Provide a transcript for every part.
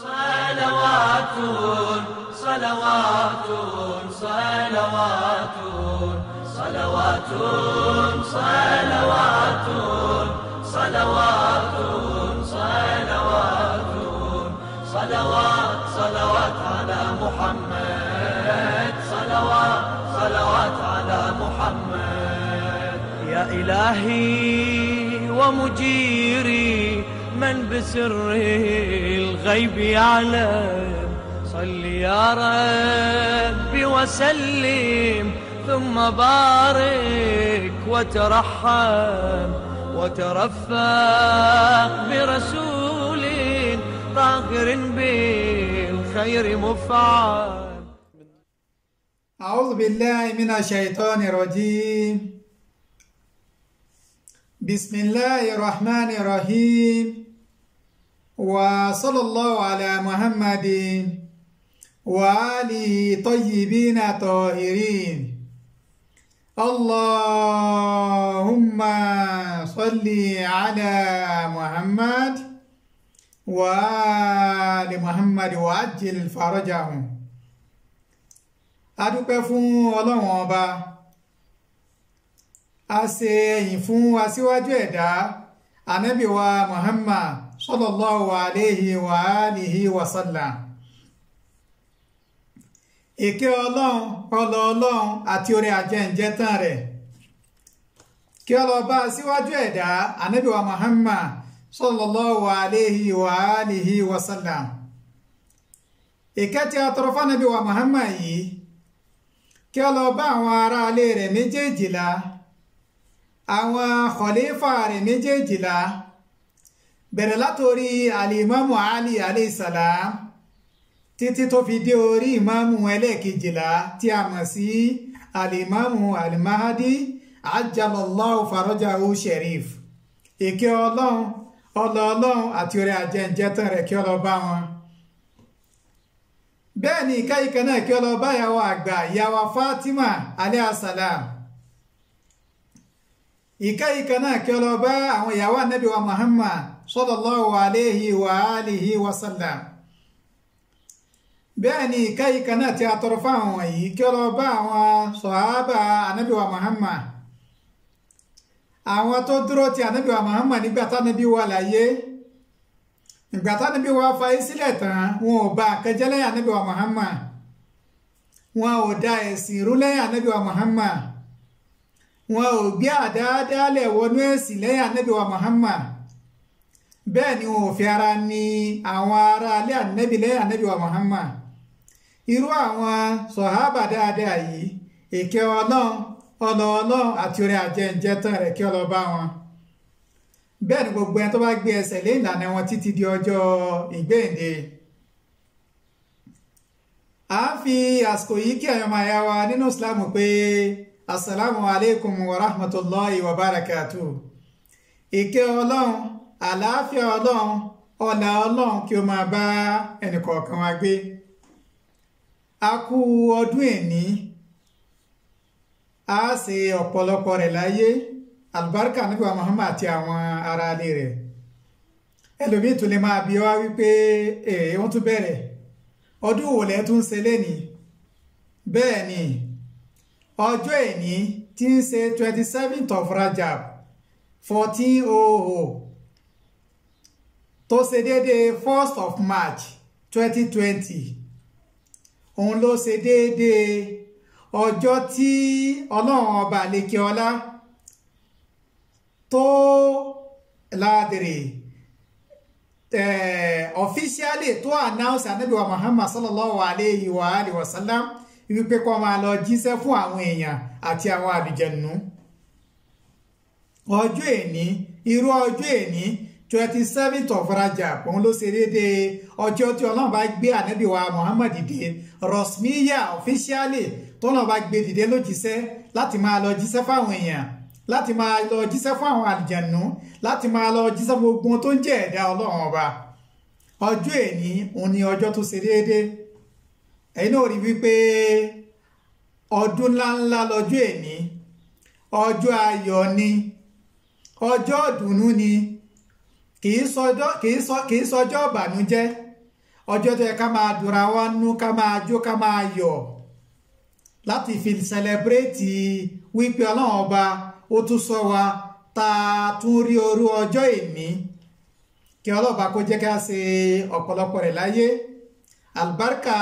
صلوات صلوات صلوات صلوات صلوات صلوات صلوات صلوات صلوات على محمد صلوات صلوات على محمد يا إلهي ومجيري من بسر الغيب يعلم صل يا ربي وسلم ثم بارك وترحم وترفق برسول طاهر بالخير مفعل أعوذ بالله من الشيطان الرجيم بسم الله الرحمن الرحيم وصلى الله على محمد وآله طيبين طاهرين اللهم صل على محمد وآل محمد وعجل فرجهم adúpẹ́ fún ọlọ́run ọba a ṣe ẹ̀yìn fún aṣíwájú ẹ̀dá ànábì Muhammad صلى الله عليه وآله وسلم. sallam ìkẹ́ ọlọ́run ọlọ ọlọ́run àti orí ajẹ́ǹjẹ́ tán rẹ̀ kí ọlọ́ba síwájú ẹ̀dá ànábì wa Muhammad sallallahu alayhi wa alihi wa sallam ìkẹ́ tí a Muhammad yìí kí ọlọ́ba àwọn aráalé rẹ̀ méjèèjìlá àwọn khalifa rẹ̀ méjèèjìlá bẹ̀rẹ̀ látòrí alimọ́mù ali aleyhisalaam títí tó fi dé orí ìmáàmù ẹlẹ́ẹ̀kejìlá tí a mọ̀ sí alimọ́mù alimahadi ajalallahu farajahu sherif èké ọlọ́run ọlọ́ ọlọ́run àti orí ajẹ́njẹ́tàn rẹ̀ kí ọlọ́ wọn. bẹ́ẹ̀ ni ìkáyíkẹ́ náà kí ọlọ́ yàwó àgbà yàwó fatima aleyhisalaam ìkẹ́ ìkẹ́ náà kí ọlọ bá àwọn ìyàwó ànábì wa Muhammad sallallahu alayhi wa alihi wa sallam bẹ́ẹ̀ ni ìkẹ́ ìkẹ́ náà ti àtọrọ fáwọn wọ̀nyí kí ọlọ bá àwọn sọ̀hábà ànábì wa Muhammad àwọn tó dúró ti ànábì wa nígbà tánábì wa láyé ìgbà tánábì wa fayé sílẹ̀ tán wọn ò bá akẹ́jẹ́ lẹ́yìn ànábì wọn ò da ẹ̀sìn rú lẹ́yìn ànábì wa wọn ò gbé àdáadáalẹ̀ wọnú ẹ̀sìn lẹ́yìn ànábì wa Muhammad bẹ́ẹ̀ ni wọn ò fi ara ni àwọn ará alẹ́ ànábì lẹ́yìn ànábì wa Muhammad irú àwọn sọ̀hábà dáadáa yìí èké ọlọ́run ọ̀nà ọlọ́run àti orí ajẹ́ǹjẹ́ tán rẹ̀ kí ọlọ́ba wọn bẹ́ẹ̀ ni gbogbo ẹni tó bá gbé ẹsẹ̀ lé ìlànà wọn títí di ọjọ́ ìgbéǹde à ń fi àsìkò yìí kí ẹ̀yọ́mọ̀ ẹ̀yà wa nínú ìsìlámù pé asalaamu aleykum wa rahmatulahi wa barakatu ìkẹ́ ọlọ́run àlàáfíà ọlọ́run ọlà ọlọ́run kí o máa bá ẹnìkọ̀ọ̀kan wa gbé a kú ọdún èní a ṣe ọ̀pọ̀lọpọ̀ rẹ̀ láyé àlùbáríkà nígbà Muhammad àti àwọn aráalé rẹ̀ ẹlòmíì tún lè máa bí wá wípé èè wọ́n tún bẹ̀rẹ̀ ọdún wo lẹ́ẹ̀ ṣe lẹ́nìí bẹ́ẹ̀ ni. Bẹ́ẹ̀ni, ọjọ́ èní tí ń ṣe twenty seven of Rajab fourteen oh oh tó ṣe déédéé first of March twenty twenty òun ló ṣe déédéé ọjọ́ tí ọlọ́run ọba àlekè ọlá tó ládìrì eh, officially tó announce anabiwa Muhammad sallallahu alayhi wa alihi wa sallam wípé kó máa lọ jíṣẹ́ fún àwọn èèyàn àti àwọn àlùjẹ̀nù ọjọ́ èní irú ọjọ́ èní twenty seven of Rajab òun ló ṣe déédéé ọjọ́ tí ọlọ́run bá gbé ànábì wa Muhammad rosmiya officially tọ́lọ́run bá gbé dìde lójíṣẹ́ láti máa lọ jíṣẹ́ fáwọn èèyàn láti máa lọ jíṣẹ́ fún àwọn àlùjẹ̀nù láti máa lọ jíṣẹ́ fún gbogbo tó ń jẹ́ ẹ̀dá ọlọ́run ọba ọjọ́ èní òun ni ọjọ́ tó ṣe déédéé ẹ̀yin náà rí wípé ọdún ńláńlá lọ́jọ́ èní ọjọ́ ayọ̀ ni ọjọ́ ìdùnnú ni kìí sọjọ́ ìbànújẹ́ ọjọ́ tó yẹ ká máa dùra wá nú ká máa jó ká máa yọ̀ láti fi sẹlẹbírẹ́tì wípé ọlọ́run ọba ó tún sọ wa tá a tún rí òru ọjọ́ èní kí ọlọ́ba kó jẹ́ ká ṣe ọ̀pọ̀lọpọ̀ rẹ̀ láyé albarka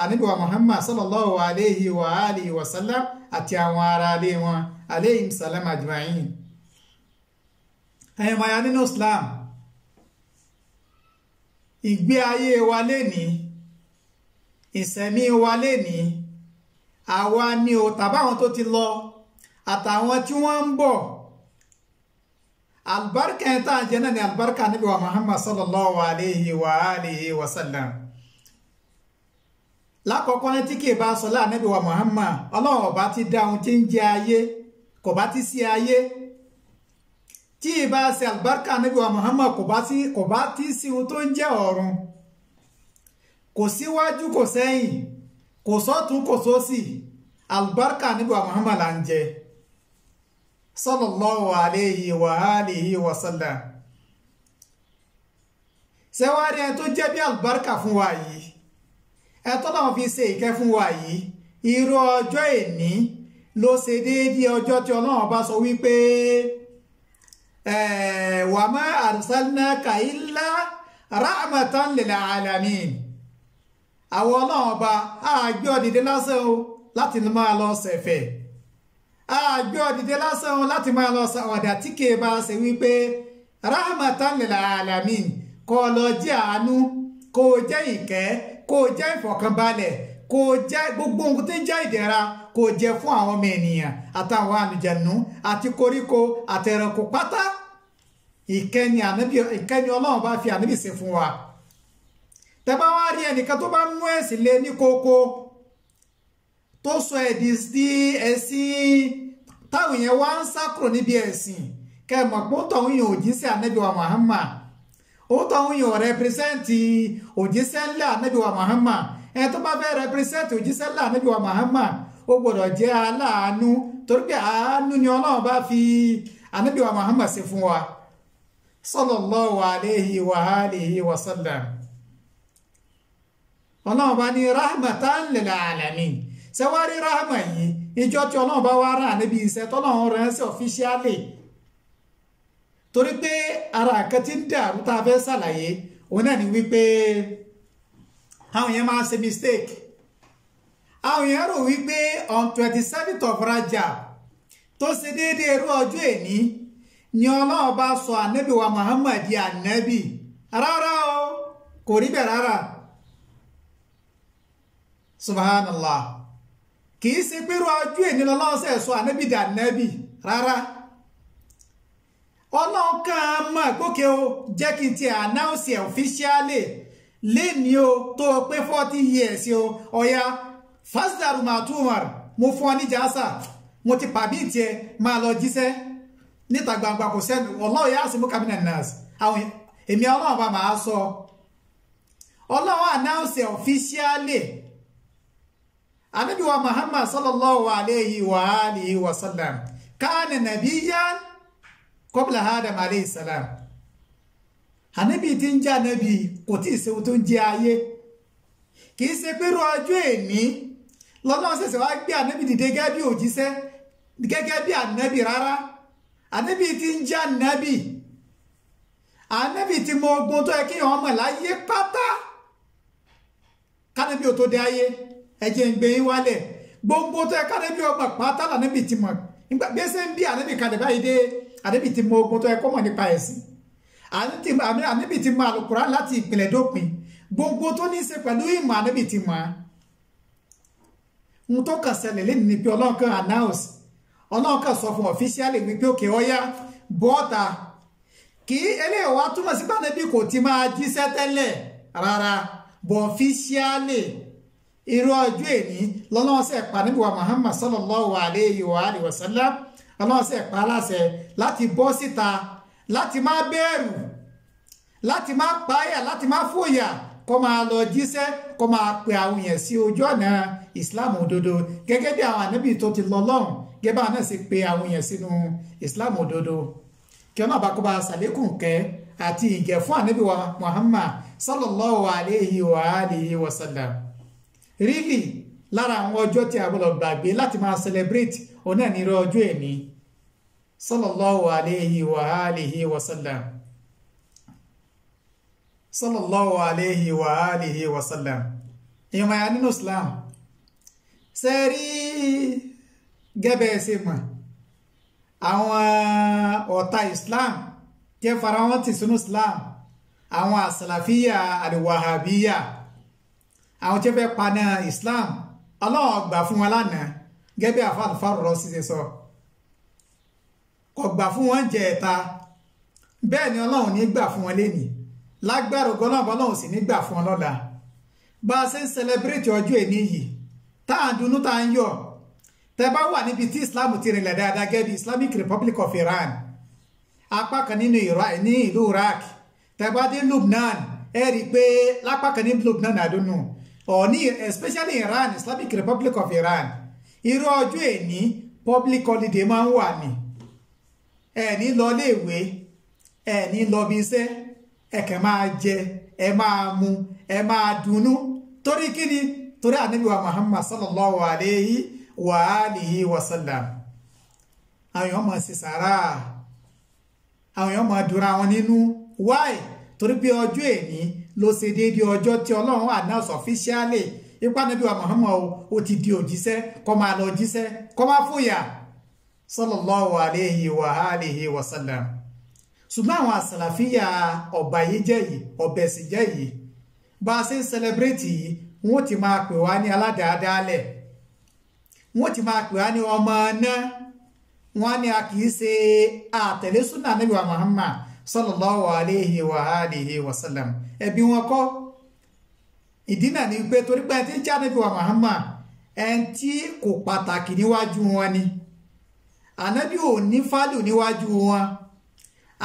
anabiwa muhammad sallallahu alayhi wa alihi wa sallam àti àwọn ará ilé wọn aleyhim salam ajma'in ẹ̀yìn maya nínú islam ìgbé ayé wa lénìí ìsẹ̀mí wa lénìí àwa ni ò tàbáwọn tó ti lọ àtàwọn tí wọ́n ń bọ̀ albarka ẹ̀ tá jẹ́ náà ni albarka anabiwa muhammad sallallahu alayhi wa alihi wa sallam lákọ̀ọ́kọ́ ní tí kì í bá sọ láàánẹ́bí wa Muhammad ọlọ́run ọba ti dá ohun tí ń jẹ ayé kò bá ti sí ayé tí ì bá ṣe àlùbáríkà níbi wa Muhammad kò bá ti kò bá ti sí ohun tó ń jẹ́ ọ̀run kò síwájú kò sẹ́yìn kò sọ́tún kò sósì àlùbáríkà níbi wa Muhammad là ń jẹ sallallahu alayhi wa alihi wa sallam ṣẹ́wárí ẹni tó jẹ́ bí àlùbáríkà fún wa yìí ẹ tọ́lá wọn fi ṣe ìkẹ́ fún wa yìí irú ọjọ́ èní ló ṣe déédéé ọjọ́ tí ọlọ́run bá sọ wípé eh, wa ma arsalnaka illa rahmatan lil alamin àwọn ọlọ́run ọba àgbẹ̀ ọ̀dìdẹ lásán o láti máa lọ ṣẹ̀fẹ̀ àgbẹ̀ ọ̀dìdẹ lásán o láti máa lọ ṣàwàdà tí kèé bá ṣe wípé rahmatan lil alamin kó lọ jẹ́ àánú kó jẹ́ ìkẹ́ kó o jẹ́ ìfọ̀kànbalẹ̀ kó o jẹ́ gbogbo ohun tí ń jẹ́ ìdẹ̀ra kó o jẹ́ fún àwọn ọmọ ènìyàn àtàwọn àlùjànnú àti koríko àtẹ̀rẹ̀kù pátá ìkẹ́ni ànábì ìkẹ́ni ọlọ́run bá fi ànábì ṣe fún wa tẹ́bá wá rí ẹnìkan tó bá mú ẹ̀sìn lé ní kókó tó sọ ẹ̀dì sí ẹ̀sìn táwọn èèyàn wá ń sá kúrò níbi ẹ̀sìn kẹ́ mọ̀ pé ó tọ̀hún yòó jíṣẹ́ ànábì wa Muhammad òótọ́ àwọn èèyàn rẹpírẹsẹ́ǹtì òjíṣẹ́ ńlá anábìwá Muhammad ẹ tó bá fẹ́ rẹpírẹsẹ́ǹtì òjíṣẹ́ ńlá anábìwá Muhammad ó gbọ́dọ̀ jẹ́ aláàánú torí pé àánú ni ọlọ́run bá fi anábìwá Muhammad ṣe fún wa sallallahu alayhi wa alihi wa sallam ọlọ́run bá ní rahmatan lil alamin ṣẹ́wárí rahma yìí ìjọ tí ọlọ́run bá wá rà níbi iṣẹ́ tọ́lọ́run rẹ̀ ń ṣe ọ̀fíṣíálì torí pé ara nǹkan tí ń dàrú tá a fẹ́ ṣàlàyé òun náà ni wípé àwọn yẹn máa ń ṣe mistake àwọn yẹn rò wípé on twenty seventh of Rajab tó ṣe déédéé irú ọjọ́ èní ni ọlọ́run bá sọ ànábì wa Muhammad di ànábì rárá o kò rí bẹ́ẹ̀ rárá subhanallah kì í ṣe pé irú ọjọ́ èní lọ́lọ́run ṣe sọ ànábì di rárá ọlọ́run kan mọ̀ ìpókè o jẹ́ kí n ti announce ẹ̀ officially lẹ́ni o tó o pé forty years o ọ̀ya fásitì matumar mo fún ọ ní jásà mo ti pàbí tiẹ̀ máa lọ jíṣẹ́ níta gbangba kò sẹ́nu ọlọ́run yà á sì mú cabinet nurse àwọn èmi ọlọ́run bá máa sọ ọlọ́run announce ẹ̀ officially anabiwa muhammad sallallahu alayhi wa alihi wa sallam káàní nàbíyàn kọ́bìlà adam aleyhi salam ànábì tí ń jẹ́ ànábì kò tí ì ṣe ohun tó ń jẹ́ ayé kì í ṣe pé irú ọjọ́ èní lọ́nà ṣẹ̀ṣẹ̀ wá gbé ànábì dìde gẹ́gẹ́ bí òjíṣẹ́ gẹ́gẹ́ bí ànábì rárá ànábì tí ń jẹ́ ànábì ànábì tí mọ ogun tó yẹ kí èèyàn mọ̀ láyé pátá kánábì ò tó dé ayé ẹ̀jẹ̀ ń gbé yín wálẹ̀ gbogbo tó yẹ kánábì ọmọ pátá lànábì ti mọ̀ gbèsè ń bí ànábì kadà báyìí dé ànábì ti mọ ogun tó yẹ kó mọ̀ nípa ẹ̀sìn ànábì ti mọ àlùkùránì láti ìpìlẹ̀ dópin gbogbo tó ní í ṣe pẹ̀lú ìmọ̀ ànábì ti mọ̀ á ohun tó kàn ṣẹlẹ̀ lẹ́nu ni pé ọlọ́run kan announce ọlọ́run kan sọ fún ọ̀fíṣíálì wípé òkè ọ̀yá bọ́ọ̀tà kí eléyìí wá túmọ̀ sí pé ànábì kò ti máa jíṣẹ́ tẹ́lẹ̀ rárá bọ̀ ọ̀fíṣíálì irú ọjọ́ èní lọ́lọ́run ṣe pa ànábì wa Muhammad sallallahu alayhi wa sallam ọlọ́sẹ̀ pa aláṣẹ láti bọ́ síta láti má bẹ̀rù láti má páyà láti má fòyà kó máa lọ jíṣẹ́ kó máa pe àwọn èèyàn sí ojú ọ̀nà islam òdodo gẹ́gẹ́ bí àwọn ànábì tó ti lọ lọ́rùn gẹ́gẹ́ bá náà sì pe àwọn èèyàn sínú islam òdodo kí ọ̀nà àbákọ́ bá ṣàlékún kẹ́ àti ìgẹ̀ fún ànábì muhammad sallallahu alayhi wa alihi wa sallam really lára àwọn ọjọ́ tí a gbọ́dọ̀ gbàgbé láti máa celebrate òun náà ní irú ọjọ́ èní sallallahu alayhi wa alihi wa sallam sallallahu alayhi wa alihi wa sallam èèyàn máa nínú Islam ṣe rí gẹ́bẹ̀ ṣe mọ̀ àwọn ọ̀tá Islam tí fara wọn ti sínú Islam àwọn àsàlàfíà àdìwàhábíyà àwọn tí wọ́n fẹ́ paná Islam ọlọ́run gbà fún wọn lánàá gẹ́gẹ́ bí àfàlùfàlù rọ ṣiṣẹ́ sọ kò gbà fún wọn jẹ ẹ̀ta bẹ́ẹ̀ ni ọlọ́run ní gbà fún wọn lénìí lágbára ògo náà bọ́lọ́run sì ní gbà fún wọn lọ́la bá a ṣe ń sẹlẹbírètì ọjọ́ èní yìí tá à ń dunú tá à ń yọ̀ tẹ́ bá wà níbi tí islam ti rìnlẹ̀ dáadáa gẹ́gẹ́ bí islamic republic of iran apá kan nínú ní ìlú iraq tẹ́ bá dé lubnan ẹ rí i pé lápá kan ní lubnan àdúnnù or ní especially Iran Islamic Republic of Iran irú ọjọ́ èní public holiday máa ń wà ní ẹ̀ní lọ léèwé ẹ̀ní lọ bí iṣẹ́ ẹ̀kẹ́ máa jẹ ẹ máa mu ẹ máa dunnú torí kíni torí ànábì wa Muhammad sallallahu alayhi wa alihi wa sallam àwọn èèyàn máa ṣe sàrà àwọn èèyàn máa dúra wọn nínú why torí pé ọjọ́ èní ló ṣe déédéé ọjọ́ tí ọlọ́run announce officially ipá níbi wa Muhammad ó ti di òjíṣẹ́ kó máa lọ jíṣẹ́ kó máa fòyà ṣùgbọ́n àwọn àsàlàfíà ọ̀bà yìí jẹ́ yìí ọ̀bẹ̀ sì jẹ́ yìí bá a ṣe ń yìí wọ́n ti máa pè wá ní wọ́n ti máa pè wá ní ọmọ náà wọ́n á ní a kì í ṣe níbi wa sallallahu alayhi wa alihi wa sallam ẹ̀bi wọn kọ́ ìdí náà ni pé torí pé ẹni tí ń jáde bí wa Muhammad ẹni tí kò pàtàkì níwájú wọn ni ànábì ò ní fálù níwájú wọn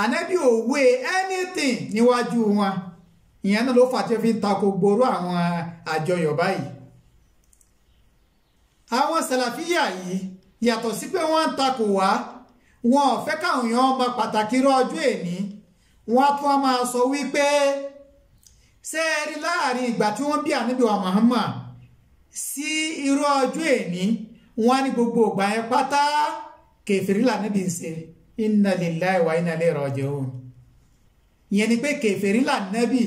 ànábì ò wé anything níwájú wọn ìyẹn náà ló fà tí ó fi ń tako gbòòrò àwọn àjọyọ̀ báyìí àwọn sàlàfíyà yìí yàtọ̀ sí pé wọ́n ń takò wá wọn ò fẹ́ káwọn èèyàn máa pàtàkì irú ọjọ́ èní wọ́n á tún á máa sọ wípé ṣé ẹ rí láàrin ìgbà tí wọ́n bí ànábì wa Muhammad sí irú ọjọ́ èní wọ́n á ní gbogbo ìgbà yẹn pátá kèfèrí lànàbì ń ṣe inna lillahi wa inna ilayhi ìyẹn ni pé kèfèrí lànàbì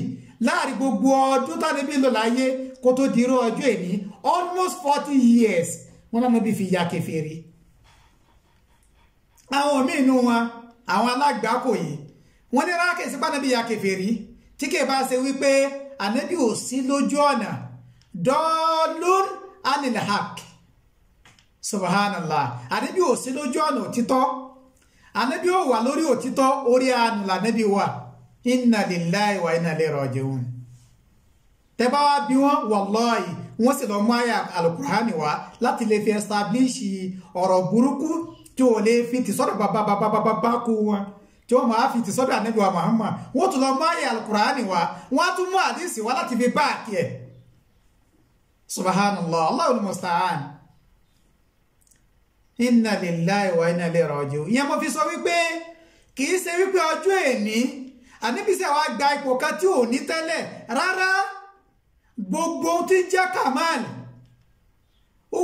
láàrin gbogbo ọdún tánàbì lò láyé kó tó di irú ọjọ́ èní almost forty years wọ́n náà níbi fi ya kèfèrí àwọn míì nù wọn àwọn alágbàákò yìí wọ́n ní ráàkì sí pàtàkì ya kèfèrí tí kì bá ṣe wípé ànábì ò sí lójú ọ̀nà dọ́ọ̀lún anilhaq subhanallah ànábì ò sí lójú ọ̀nà òtítọ́ ànábì ò wà lórí òtítọ́ orí àánú lànábì wà inna lillahi wa inna ilaihi raji'un tẹ́bá wá bí wọ́n wallahi wọ́n sì lọ mú àyà alukur'ani wá láti lè fi establish ọ̀rọ̀ burúkú tí ò lè fi tìsọ́dọ̀ bàbá bàbá bàbá kú wọn tí wọ́n máa fi ti sọ́dọ̀ ànábì wa Muhammad wọ́n tún lọ mú àyè alukur'ani wa wọ́n á tún mú àdìsí wa láti fi báàkì ẹ̀ subhanallah Allahul musta'an inna lillahi wa inna ilayhi raji'un ìyẹn mo fi sọ wípé kì ṣe wípé ọjọ́ èní àníbísẹ̀ wa gba ipò kan tí ò ní tẹ́lẹ̀ rárá gbogbo tí jẹ́ kamal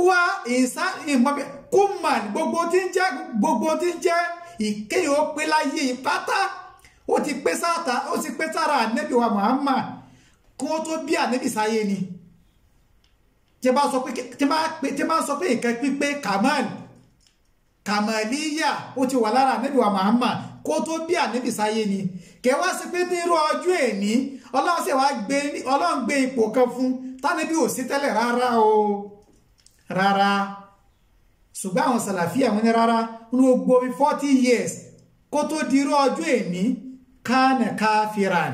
wá ìsá ìmọ̀bẹ̀ kúmàn gbogbo tí ń jẹ́ ìkéyìn ó pé láyé ìpátá ó ti pé sáta ó ti pé sára ànẹ́bí wa Muhammad kó tó bí ànẹ́bí sáyé ni tí bá sọ pé ìkẹ́ pípé kamal kamaliya ó ti wà lára ànẹ́bí wa Muhammad kó tó bí ànẹ́bí sáyé ni kẹwà sí pé ní irú ọjọ́ èní ọlọ́run sì wá gbé ọlọ́run gbé ipò kan fún tánẹ́bí ò sí tẹ́lẹ̀ rárá o rárá ṣùgbọ́n àwọn sàlàfíà wọn ní rárá ní gbogbo bí forty years kó tó di irú ọjọ́ èmi kánà káfíran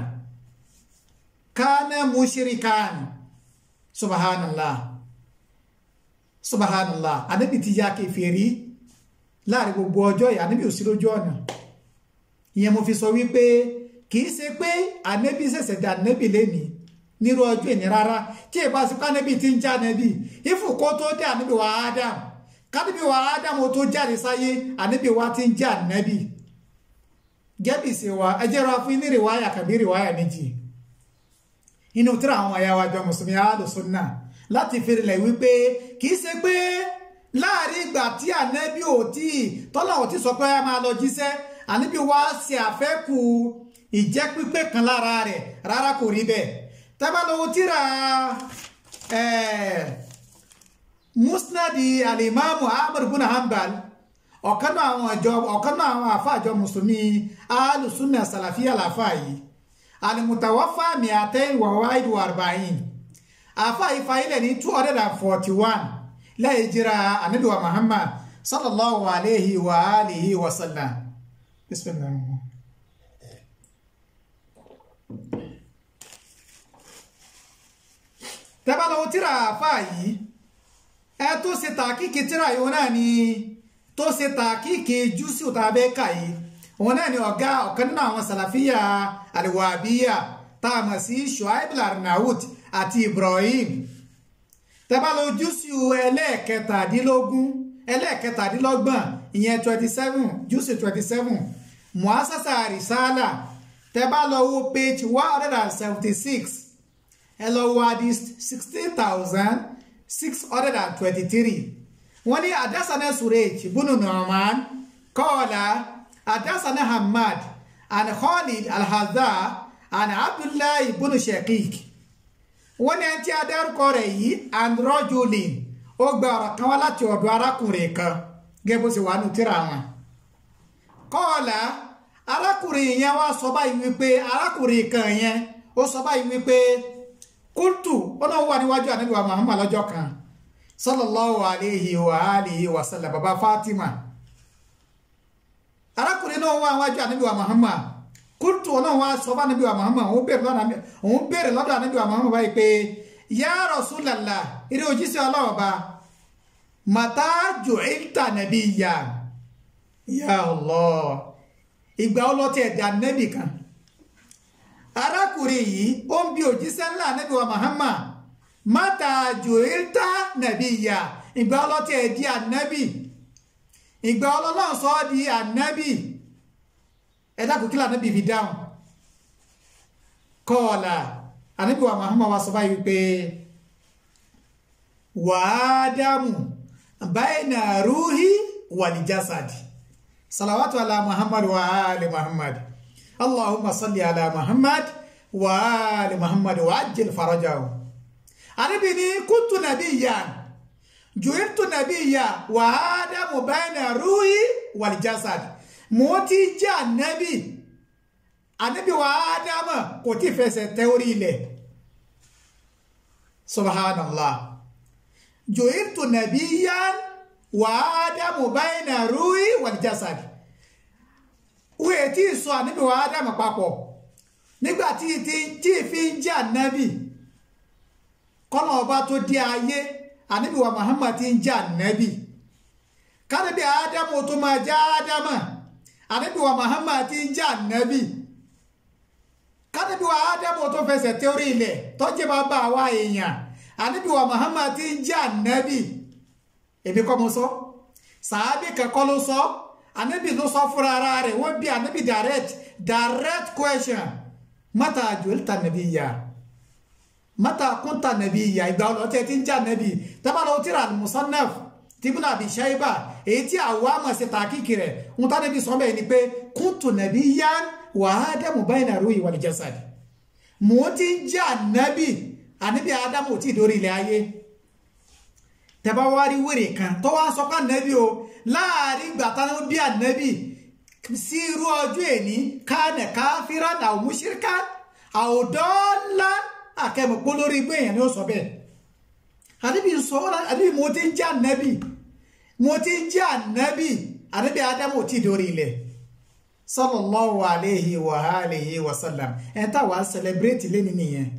kánà mushrikan subhanallah subhanallah anabi ti ya kèfèrí láàrin gbogbo ọjọ́ yìí anabi ò sí lójú ọ̀nà ìyẹn mo fi sọ wípé kì í ṣe pé anabi ṣẹ̀ṣẹ̀ dà anabi lénìí nírú ọjọ́ ìní rárá tí ìbá sí ti ń já anabi ìfúkó tó dé anabi wà á dáa kádìbí wa ádámù tó jáde sáyé ànábì wa ti ń jẹ́ ànábì gẹ́bì sí wa ẹjẹ́ra fún ní rìwáyà kàbí rìwáyà méjì inú tíra àwọn àyàwó àjọ mùsùlùmí alùsùnà láti fi rinlẹ̀ wípé kì í ṣe pé láàrin ìgbà tí ànábì ò tí tọ́lá ò tí sọ pé a máa lọ jíṣẹ́ ànábì wa ṣe àfẹ́kù ìjẹ́ pípé kan lára rẹ̀ rárá kò rí bẹ́ẹ̀ tábàlówó tíra ẹ̀ẹ́ musnadi alimami ahmed bin hanbal ọ̀kan náà àwọn àjọ ọ̀kan náà àwọn àfáàjọ mùsùlùmí alùsùnà sàlàfíà làfáà yìí alimutawafa mi àtẹ́yìn wàhálà ìlú arba'in àfáà yìí fayilẹ̀ ní two hundred and forty one lẹ́yìn jira anabiwa muhammad sallallahu alayhi wa alihi wa sallam. tẹ́bàlọ́wọ́ tíra àfáà yìí ẹ tó ṣe tàkìkì tíra yìí òun náà ni tó ṣe tàkìkì júùsù tá a bẹ́ kà yìí òun náà ni ọ̀gá ọ̀kan nínú àwọn sàlàfíà àlùwàbíyà tá a mọ̀ sí Shuaib Larnaout àti Ibrahim tẹ́bá lo ẹlẹ́ẹ̀kẹtàdínlógún ẹlẹ́ẹ̀kẹtàdínlọ́gbọ̀n ìyẹn twenty seven júùsù twenty seven muasasa risala tẹ́bá lọ wo page one hundred and seventy six ẹ lọ wo sixteen thousand. Six hundred twenty-three. wọ́n ní adásánà Suresh, bunu nu'man kọ́ọ̀lá adásánà hamad and khalid alhaza and abdullahi bunu shakik wọ́n ní ẹni tí a dárúkọ rẹ̀ yìí and rojulin ó gba ọ̀rọ̀ kan wá láti ọ̀dọ̀ arákùnrin kan gẹ́gẹ́ bó ṣe wà nù tíra wọn kọ́ọ̀lá arákùnrin yẹn wá sọ báyìí wípé arákùnrin kan yẹn ó sọ báyìí wípé kúntù ọlọ́run wà níwájú ànábì wa Muhammad lọ́jọ́ kan sallallahu alayhi wa alihi wa sallam baba Fatima arákùnrin náà wà níwájú ànábì wa Muhammad kúntù ọlọ́run wà sọ fún ànábì wa Muhammad òun béèrè lọ́dọ̀ ànábì wa Muhammad báyìí pé ya Rasulallah eré òjíṣẹ́ ọlọ́run ọba mata ju'ilta nabiyya ya Allah ìgbà ọlọ́tẹ̀ ẹ̀dá nẹ́bì kan arákùnrin yìí ó ń bi òjíṣẹ́ ńlá nàbí wa Muhammad mata juilta nàbí ìyá ìgbà ọlọ́tí ẹ̀ di ànábì ìgbà ọlọ́lọ́run sọ ọ́ di ànábì ẹ dákun kí lànàbì fi dáhùn kọ́ọ̀là ànábì wa Muhammad wa sọ báyìí wípé wàádámù báyìí nà rúhí wàlìjásàdì salawatu ala Muhammad wa ali Muhammad allahumma salli ala muhammad wa ali muhammad wa ajil farajahu anabi ni kuntu nabiyyan juirtu nabiyyan wa adamu bayna ruhi wal jasad mo ti jẹ́ ànábì ànábì wa ádámà kò tí fẹsẹ̀ tẹ orí ilẹ̀ subhanallah juirtu nabiyyan wa adamu bayna ruhi wal jasad wọ́n ètí ìsọ ànábì wa ádámù papọ̀ nígbà tí tí fi ń jẹ́ ànábì kọ́nà ọba tó dé ayé ànábì wa Muhammad ti ń jẹ́ ànábì kánàbì ádámù tó máa jẹ́ ádámù ànábì wa Muhammad ti ń jẹ́ ànábì kánàbì wa ádámù tó fẹsẹ̀ tẹ́rí ilẹ̀ tọ́jẹ́ bá bá wa èèyàn ànábì wa Muhammad ti ń jẹ́ ànábì èmi kọ́ mo sọ sàábì kẹ́kọ́ ló sọ. So anabi ló sọ fúnra ara rẹ̀ wọ́n bí anabi direct direct question mata àjòlì ta nàbí yá mata kúnta nàbí yá ìgbà ọlọ́tẹ̀ tí ń jà nàbí tábàlọ́ ó tìrà musannaf tìbú nàbí ṣáíbà èyí tí àwa mọ̀ sí tàkìkì rẹ̀ ń tá níbi sọ́mọ́ ẹni pé kúntù nàbí yá wàhádà mùbáyìí nàró ìwà nìjẹsàdì mò ń ti ń jà nàbí ànábì ádámù tí ì dórí ilẹ̀ tẹ́bá wá rí wèrè kan tó wá sọ pé ànẹ́bí o láàrin ìgbà táwọn bí ànẹ́bí sí irú ọjọ́ èní kánà káfíra àwọn mùsírìkà àwòdọ́ ńlá akẹ́mọ̀pọ̀ lórí igbó èèyàn ni ó sọ bẹ́ẹ̀ àdébí sọ àdébí mo ti ń jẹ́ ànẹ́bí mo ti ń jẹ́ ànẹ́bí àdébí ádámù tí dórí ilẹ̀ sallallahu alayhi wa alihi wa sallam ẹ̀ ń tàwa celebrate lẹ́ni nìyẹn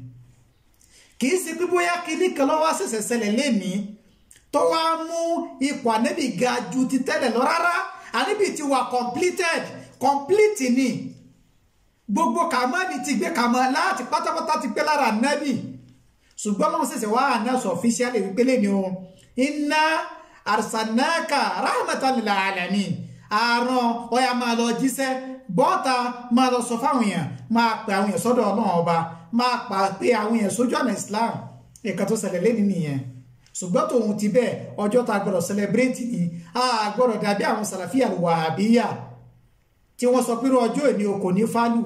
kì í ṣe pé bóyá kinní kan lọ́wọ́ ṣẹ̀ṣẹ̀ ṣẹlẹ̀ lẹ́ni tó wá mú ipò ànábì ga ju ti tẹ́lẹ̀ lọ rárá ànábì ti wà completed complete ni gbogbo kàmọ́ni ti gbé kàmọ́ láti pátápátá ti pé lára ànábì ṣùgbọ́n lọ́wọ́ ṣẹ̀ṣẹ̀ wá announce officially wípé lẹ́ni o inna arsalnaka rahmatan lil alamin àrùn ọ̀yà máa lọ jíṣẹ́ bọ́ta máa lọ sọ fáwọn èèyàn máa pè àwọn èèyàn sọ́dọ̀ ọlọ́run ọba máa pè àwọn èèyàn sójú ọ̀nà Islam nǹkan tó ṣẹlẹ̀ lẹ́ni nìyẹn ṣùgbọ́n tòun ti bẹ́ẹ̀ ọjọ́ tá a gbọ́dọ̀ sẹlẹbírẹ́tì ni a gbọ́dọ̀ dàbí àwọn sàlàfíà wàhábíyà tí wọ́n sọ pé ọjọ́ èmi ò kò ní fálù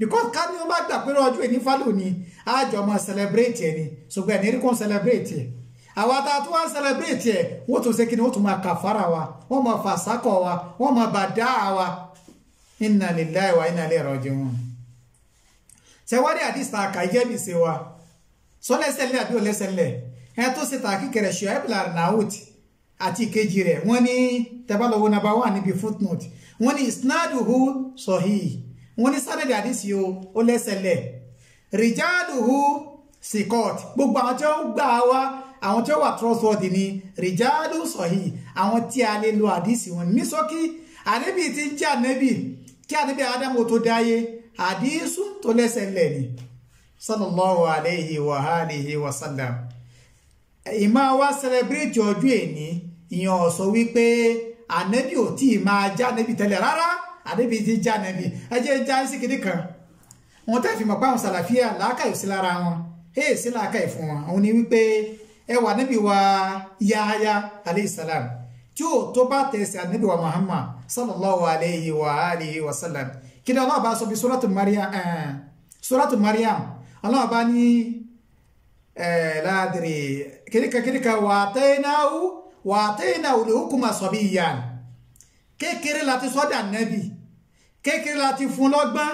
because ká ní wọ́n bá gbà pé ọjọ́ èmi fálù ni a jọ mọ sẹlẹbírẹ́tì ẹ̀ ni ṣùgbọ́n ẹ̀ ní rí kó ń sẹlẹbírẹ́tì ẹ̀ àwa tá a tún wá ń sẹlẹbírẹ́tì ẹ̀ wọ́n tún ṣe kí ni wọ́n tún máa kàfàrà wa wọ́n máa fàṣákọ̀ wa wọ́n máa bàdá wa inna lillahi wa inna ilaihi raji'un ṣẹwádìí àdìsá àkàyẹ́bìsẹ̀ wa sọ́lẹ́sẹ̀ lẹ́ àbí òlẹ́sẹ̀ lẹ́ẹ̀ ẹ tó ṣe tàkìkì rẹ̀ ṣùáìb larnaut àti ìkejì rẹ̀ wọ́n ní tẹ́bálọ́wọ́ nàbà wà níbi footnote wọ́n ní isnaduhu sahih wọ́n ní sanadi àdìsí o ó lẹ́sẹ̀lẹ̀ rijaluhu sikot gbogbo àwọn tí ó gbà wá àwọn tí ó wà trustworthy ni rijalu sahih àwọn tí a lè lo àdìsí wọn ní ṣókí ànábì ti ń jẹ́ ànábì kí ànábì adamu tó dáyé àdìsú tó lẹ́sẹ̀lẹ̀ ni sallallahu alayhi wa alihi wa sallam ìmọ̀ wa celebrate ọjọ́ èní ìyàn sọ wípé ànẹ́bí ò tí ì máa já ànẹ́bí tẹ́lẹ̀ rárá ànẹ́bí ti já ànẹ́bí ẹ jẹ́ já sí kìnnì kan wọn tẹ́ fi mọ̀ pé àwọn sàlàfíà làákàyè sí lára wọn èè sí làákàyè fún wọn òun ni wípé ẹ wà ànẹ́bí wa Yahaya aleyhi salam tí ó tó bá tẹ̀sí ànẹ́bí wa Muhammad sallallahu alayhi wa alayhi wa sallam kí ni Allah bá sọ bí suratu Maryam eh, suratu Allah bá ní. لا أدري كلك كلك واعطيناه واعطيناه الحكم صبيا kékeré la ti sọ́dà nẹ́bì kékeré la ti fún lọ́gbọ́n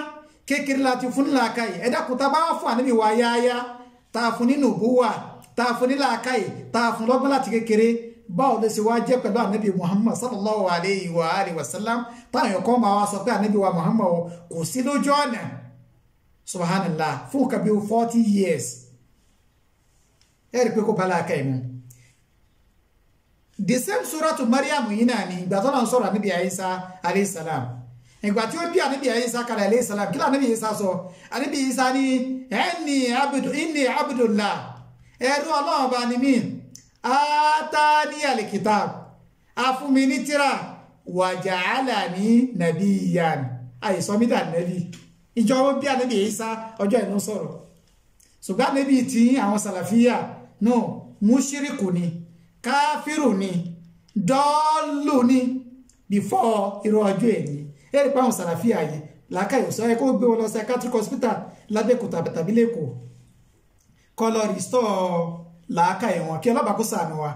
kékeré la ti fún nílàákàyè ẹ̀dá kò tá a bá wà fún ànábì wa yáyá tá a fún nínú búwa tá a fún nílàákàyè tá a fún lọ́gbọ́n láti kékeré báwo ló ṣe wá jẹ́ pẹ̀lú ànábì sallallahu alayhi wa alayhi wa sallam táwọn èèyàn kan máa wá sọ pé ànábì wa muhammad kò sí lójú ọ̀nà subhanallah fún kabi forty years ẹ rí i pé kó bá láàka ẹ̀ mu the same suratu Mariam yìí náà ni ìgbà tó náà sọ̀rọ̀ àníbi àyíṣà alayhi salam ìgbà tí ó bí àníbi àyíṣà kalẹ̀ alayhi salam kí làníbi àyíṣà sọ àníbi àyíṣà ni ẹni abudu inni abudullah ẹrú ọlọ́run bá ni mí àtàní al-kitab afúnmi ní tíra wàjàálà ní nabiyyan àìsọ́mídà nàbí ìjọ bí àníbi àyíṣà ọjọ́ ìlú sọ̀rọ̀ ṣùgbọ́n àníbi tí àwọn sàlàfíà no mushiriku ni káfíru ni dọ́ọ̀lù ni before irú ọjọ́ èyí ẹ̀rí pa àwọn sàràfíà yìí làákàyè sọ ẹ kó gbé wọn lọ psychiatric hospital lábẹ́kúta tàbí lẹ́kọ̀ọ́ kọ́ lọ rìstọ́ làákàyè wọn kí ọlọ́bàá kó sàánú wa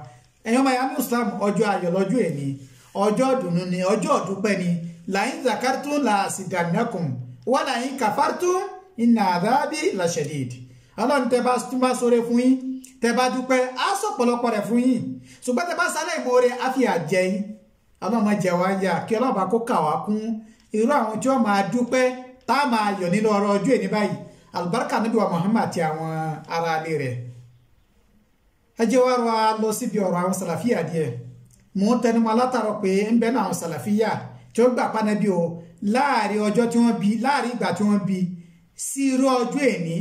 ẹ̀yọ́ miami islam ọjọ́ ayọ̀ lọ́jọ́ èní ọjọ́ ọdùnnú ni ọjọ́ ọdúpẹ́ ni làyín zakartu làásìdánilẹ́kùn wọ́n làyín kàfàrtu ìnà àdábì làṣẹ̀dìd ọlọ́run tẹ́ bá sóre fún yín tẹ bá dúpẹ́ á sọ̀pọ̀lọpọ̀ rẹ̀ fún yín ṣùgbọ́n tẹ bá sálẹ̀ ìmoore á fi àjẹ yín ọlọ́mọ jẹ wá yà kí ọlọ́ọ̀bá kó kà wá kún irú àwọn tí wọ́n máa dúpẹ́ tá a máa yọ̀ nínú ọrọ̀ ọjọ́ èní báyìí àlùbáríkà níbi wa Muhammad àti àwọn ará ilé rẹ̀ ẹ jẹ́ wá rọra lọ síbi ọ̀rọ̀ àwọn sàlàfíà díẹ̀ mò ń tẹnumọ́ látàrọ pé ń bẹ náà àwọn sàlàfíà tí ó gbà pánẹ́bí o láàrin ọjọ́ tí wọ́n bí láàrin ìgbà tí wọ́n bí sí irú ọjọ́ èní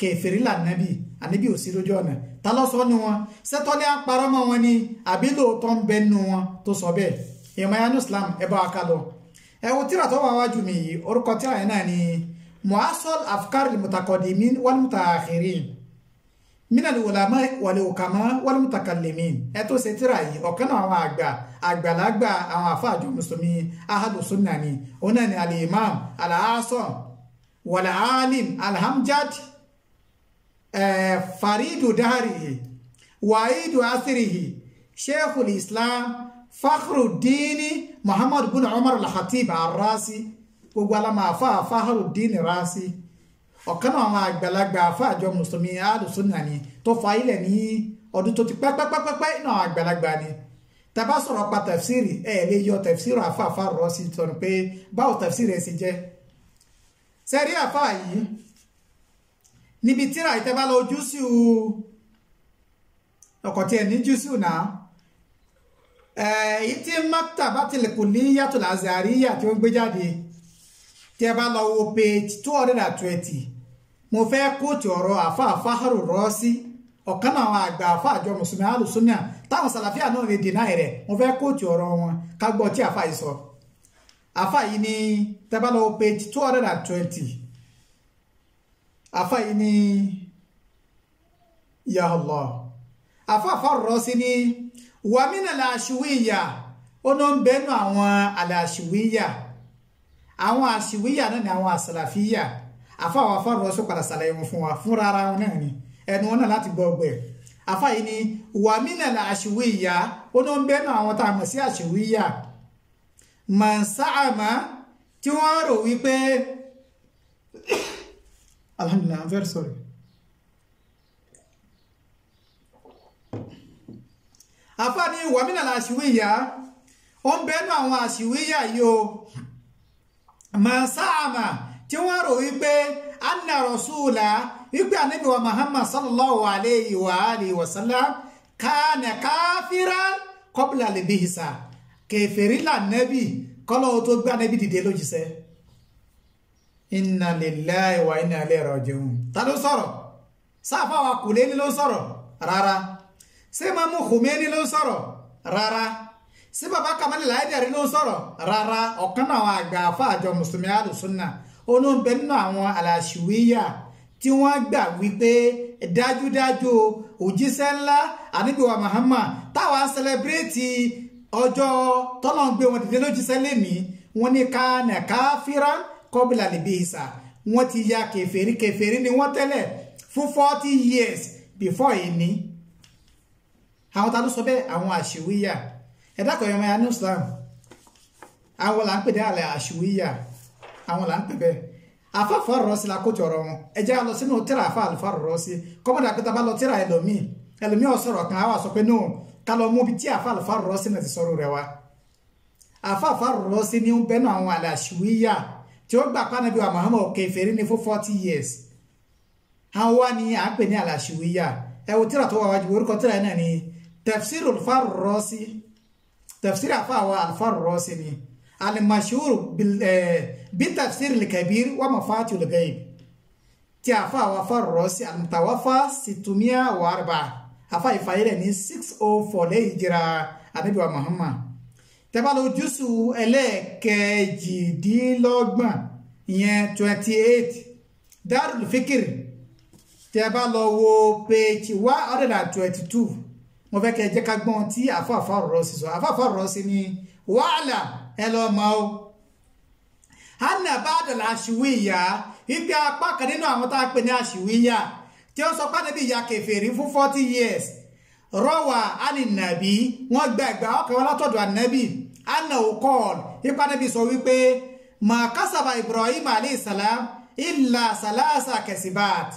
kèfèrí lànàbí àníbí ò sí lójú ọ̀nà ta ló sọ nu wọn sẹ́tọ́lẹ́ àparọ́ mọ́ wọn ni àbí lóòótọ́ ń bẹ nu wọn tó sọ bẹ́ẹ̀ ìmọ̀ ẹ̀yánú Islam ẹ bá wa ká lọ ẹ wo tíra tó wà wájú mi yìí orúkọ tíra yẹn náà ni muhasol afkar mutaqaddimin wal mutaakhirin minal ulama wal hukama wal mutakallimin ẹ tó ṣe tíra yìí ọ̀kan náà àwọn àgbà àgbàlagbà àwọn àfáàjọ mùsùlùmí ahlu sunna ni òun ni al-imam al alim alhamjad Eh, faridu dahrihi waidu asirihi sheikhul islam fakhruddin muhammad bin umar al-khatib arrasi gbogbo alamafa fakhruddin rasi ọ̀kan àwọn àgbàlagbà àfáàjọ mùsùlùmí alùsùnà ni tó fa ilẹ̀ ní ọdún tó ti pẹ́pẹ́pẹ́pẹ́ náà àgbàlagbà ni tàbá sọ̀rọ̀ pa tafsiri ẹ̀ lè yọ tafsiri àfáàfáà rọ̀ sí tọ̀nù pé báwo tafsiri ẹ̀ sì jẹ́ sẹ́rí àfáà yìí níbi tíra ìtẹ́bá lọ júṣù ọkọ̀ tí ẹ̀ ní júṣù náà èyí tí maktaba al-kulliyatul azhariyya tí ó gbé jáde tí ẹ bá lọ wo page two hundred and twenty mo fẹ́ kóòtù ọ̀rọ̀ àfa Fahru Razi ọ̀kan náà àwọn àgbà àfa àjọ mùsùlùmí alùsùnà táwọn sàlàfíà náà lè dènà rẹ̀ mo fẹ́ kóòtù ọ̀rọ̀ wọn ká tí àfa yìí sọ àfa yìí ní àfa yìí ní ya Allah àfa àfa rọ̀ sí ní wàmínà làṣùwìyà ó ná ń bẹ́nu àwọn àlàṣùwìyà àwọn àṣùwìyà náà ni àwọn àsàlàfíyà àfa àwọn àfa rọ̀ sí padà sàlàyé wọn fún wa fúnra ara wọn náà ni ẹnu wọn náà láti gbọ́ ọgbẹ́ àfa yìí ní wàmínà làṣùwìyà ó ná ń bẹ́nu àwọn tá a mọ̀ sí àṣùwìyà mọ̀nsáàmá tí wọ́n rò wípé Alhamdulillah, I'm very sorry. àfààní wàmínà làṣìwé yá ó ń bẹ́nu àwọn àṣìwé yá yìí o màsáàmà tí wọ́n rò wípé anna rasula wípé ànábì wa Muhammad sallallahu alayhi wa alihi wa sallam kana kafiran qabla libihisa kèfèrí lànàbì kọ́lọ́ tó gbé ànábì dìde lójíṣẹ́ inna lillahi wa inna ilayhi raji'un ta ló sọ̀rọ̀ sáfà wa Kùlẹ́ni ló sọ̀rọ̀ rárá ṣé Imamu Khomeini ló sọ̀rọ̀ rárá ṣé bàbá Kamali Laidari ló sọ̀rọ̀ rárá ọ̀kan náà àwọn àgbà àfa àjọ mùsùlùmí alùsùnà olóńgbẹ nínú àwọn aláṣìwíyà tí wọ́n gbà wípé dájúdájú òjíṣẹ́ ńlá àníbíwá Muhammad táwa sẹlẹbírẹ́tì ọjọ́ tọ́lọ́ wọn dìde lójíṣẹ́ lẹ́mìí wọn ní ká nà káfíra kọ́bìlà lè bí ìsà wọ́n ti ya kèfèrí kèfèrí ni wọ́n tẹ́lẹ̀ fún forty years before ìní àwọn ta ló sọ bẹ́ẹ̀ àwọn àṣìwíyà ẹ̀dá kan yẹn máa ní Islam àwọn là ń pè ní àlẹ́ àṣìwíyà àwọn là ń pè bẹ́ẹ̀ àfàfà rọ̀ọ́sí la kójọ ọ̀rọ̀ wọn ẹ jẹ́ ká lọ sínú tíra àfà àlùfà rọ̀ọ́sí kọ́mọ̀dà pé ta bá lọ tíra ẹlòmíì ẹlòmíì ọ̀sọ̀rọ̀ kan á wà sọ ká lọ mú ibi tí àfà àlùfà rọ̀ọ́sí náà ti sọ̀rọ̀ rẹ̀ wá àfà àfà ni ó bẹ́nu àwọn àlẹ́ àṣìwíyà tí ó gbà pànàbí wa Muhammad kèfèrí ni fún forty years àwọn wa ni à ń pè ní àlàṣìwíyà ẹ wo tíra tó wà wájú orúkọ tíra náà ni tafsir alfarrosi tafsir àfàwà alfarrosi ni alimashur bí tafsir likabir wà mafatu lgayb tí àfàwà farrosi alimtawafa situmiya wàrba àfàìfàyẹlẹ ní six oh four lẹ́yìn jira anabiwa Muhammad tẹ́bàlú júùsù ẹlẹ́ẹ̀kẹjìdínlọ́gbọ̀n ìyẹn twenty eight Darul Fikir tẹ́bà lọ wo page one hundred and twenty two mo fẹ́ kẹ́ ẹ jẹ́ ká gbọ́n tí àfààfà ọ̀rọ̀ sí sọ àfààfà ọ̀rọ̀ sí ni wàhálà ẹ lọ́ọ́ máa ó hanna bàdàlà àṣìwìyà wípé apá kan nínú àwọn tá a pè ní àṣìwìyà tí ó sọ pàdé bí ìyá kẹfẹ́rí fún forty years rọwà alìnàbí wọ́n gba ẹgbàá ọkàn wọn látọ̀dọ̀ ànàbí anna okol ipa níbi sọ wípé màkàsàbà ibrahim alayhi salam ìlà sàlàsà kẹsìbáàt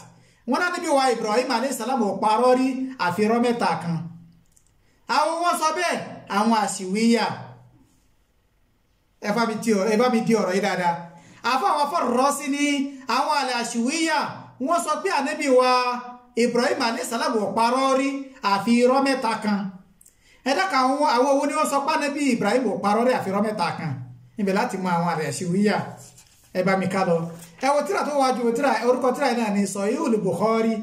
wọn náà níbi wa ibrahim alayhi salam ò parọ́ rí àfihàn mẹ́ta kan àwọn wọn sọ bẹ́ẹ̀ àwọn àṣìwíyà ẹ bá mi di ọ̀rọ̀ yìí dáadáa àfọwọ́ fọ̀rọ̀ sí ni àwọn àlẹ́ àṣìwíyà wọ́n sọ pé ànábì wa ibrahim alayhi salam ò parọ́ rí àfi irọ́ kan ẹ dákà àwọn àwọn owó ni wọ́n sọ pánẹ́bí Ibrahim ò parọ́ rẹ̀ àfihàn mẹ́ta kan níbẹ̀ láti mọ àwọn àrẹ̀ṣì wíyà ẹ bá mi ká lọ ẹ tíra tó wájú tíra orúkọ tíra náà ni Sahihul Bukhari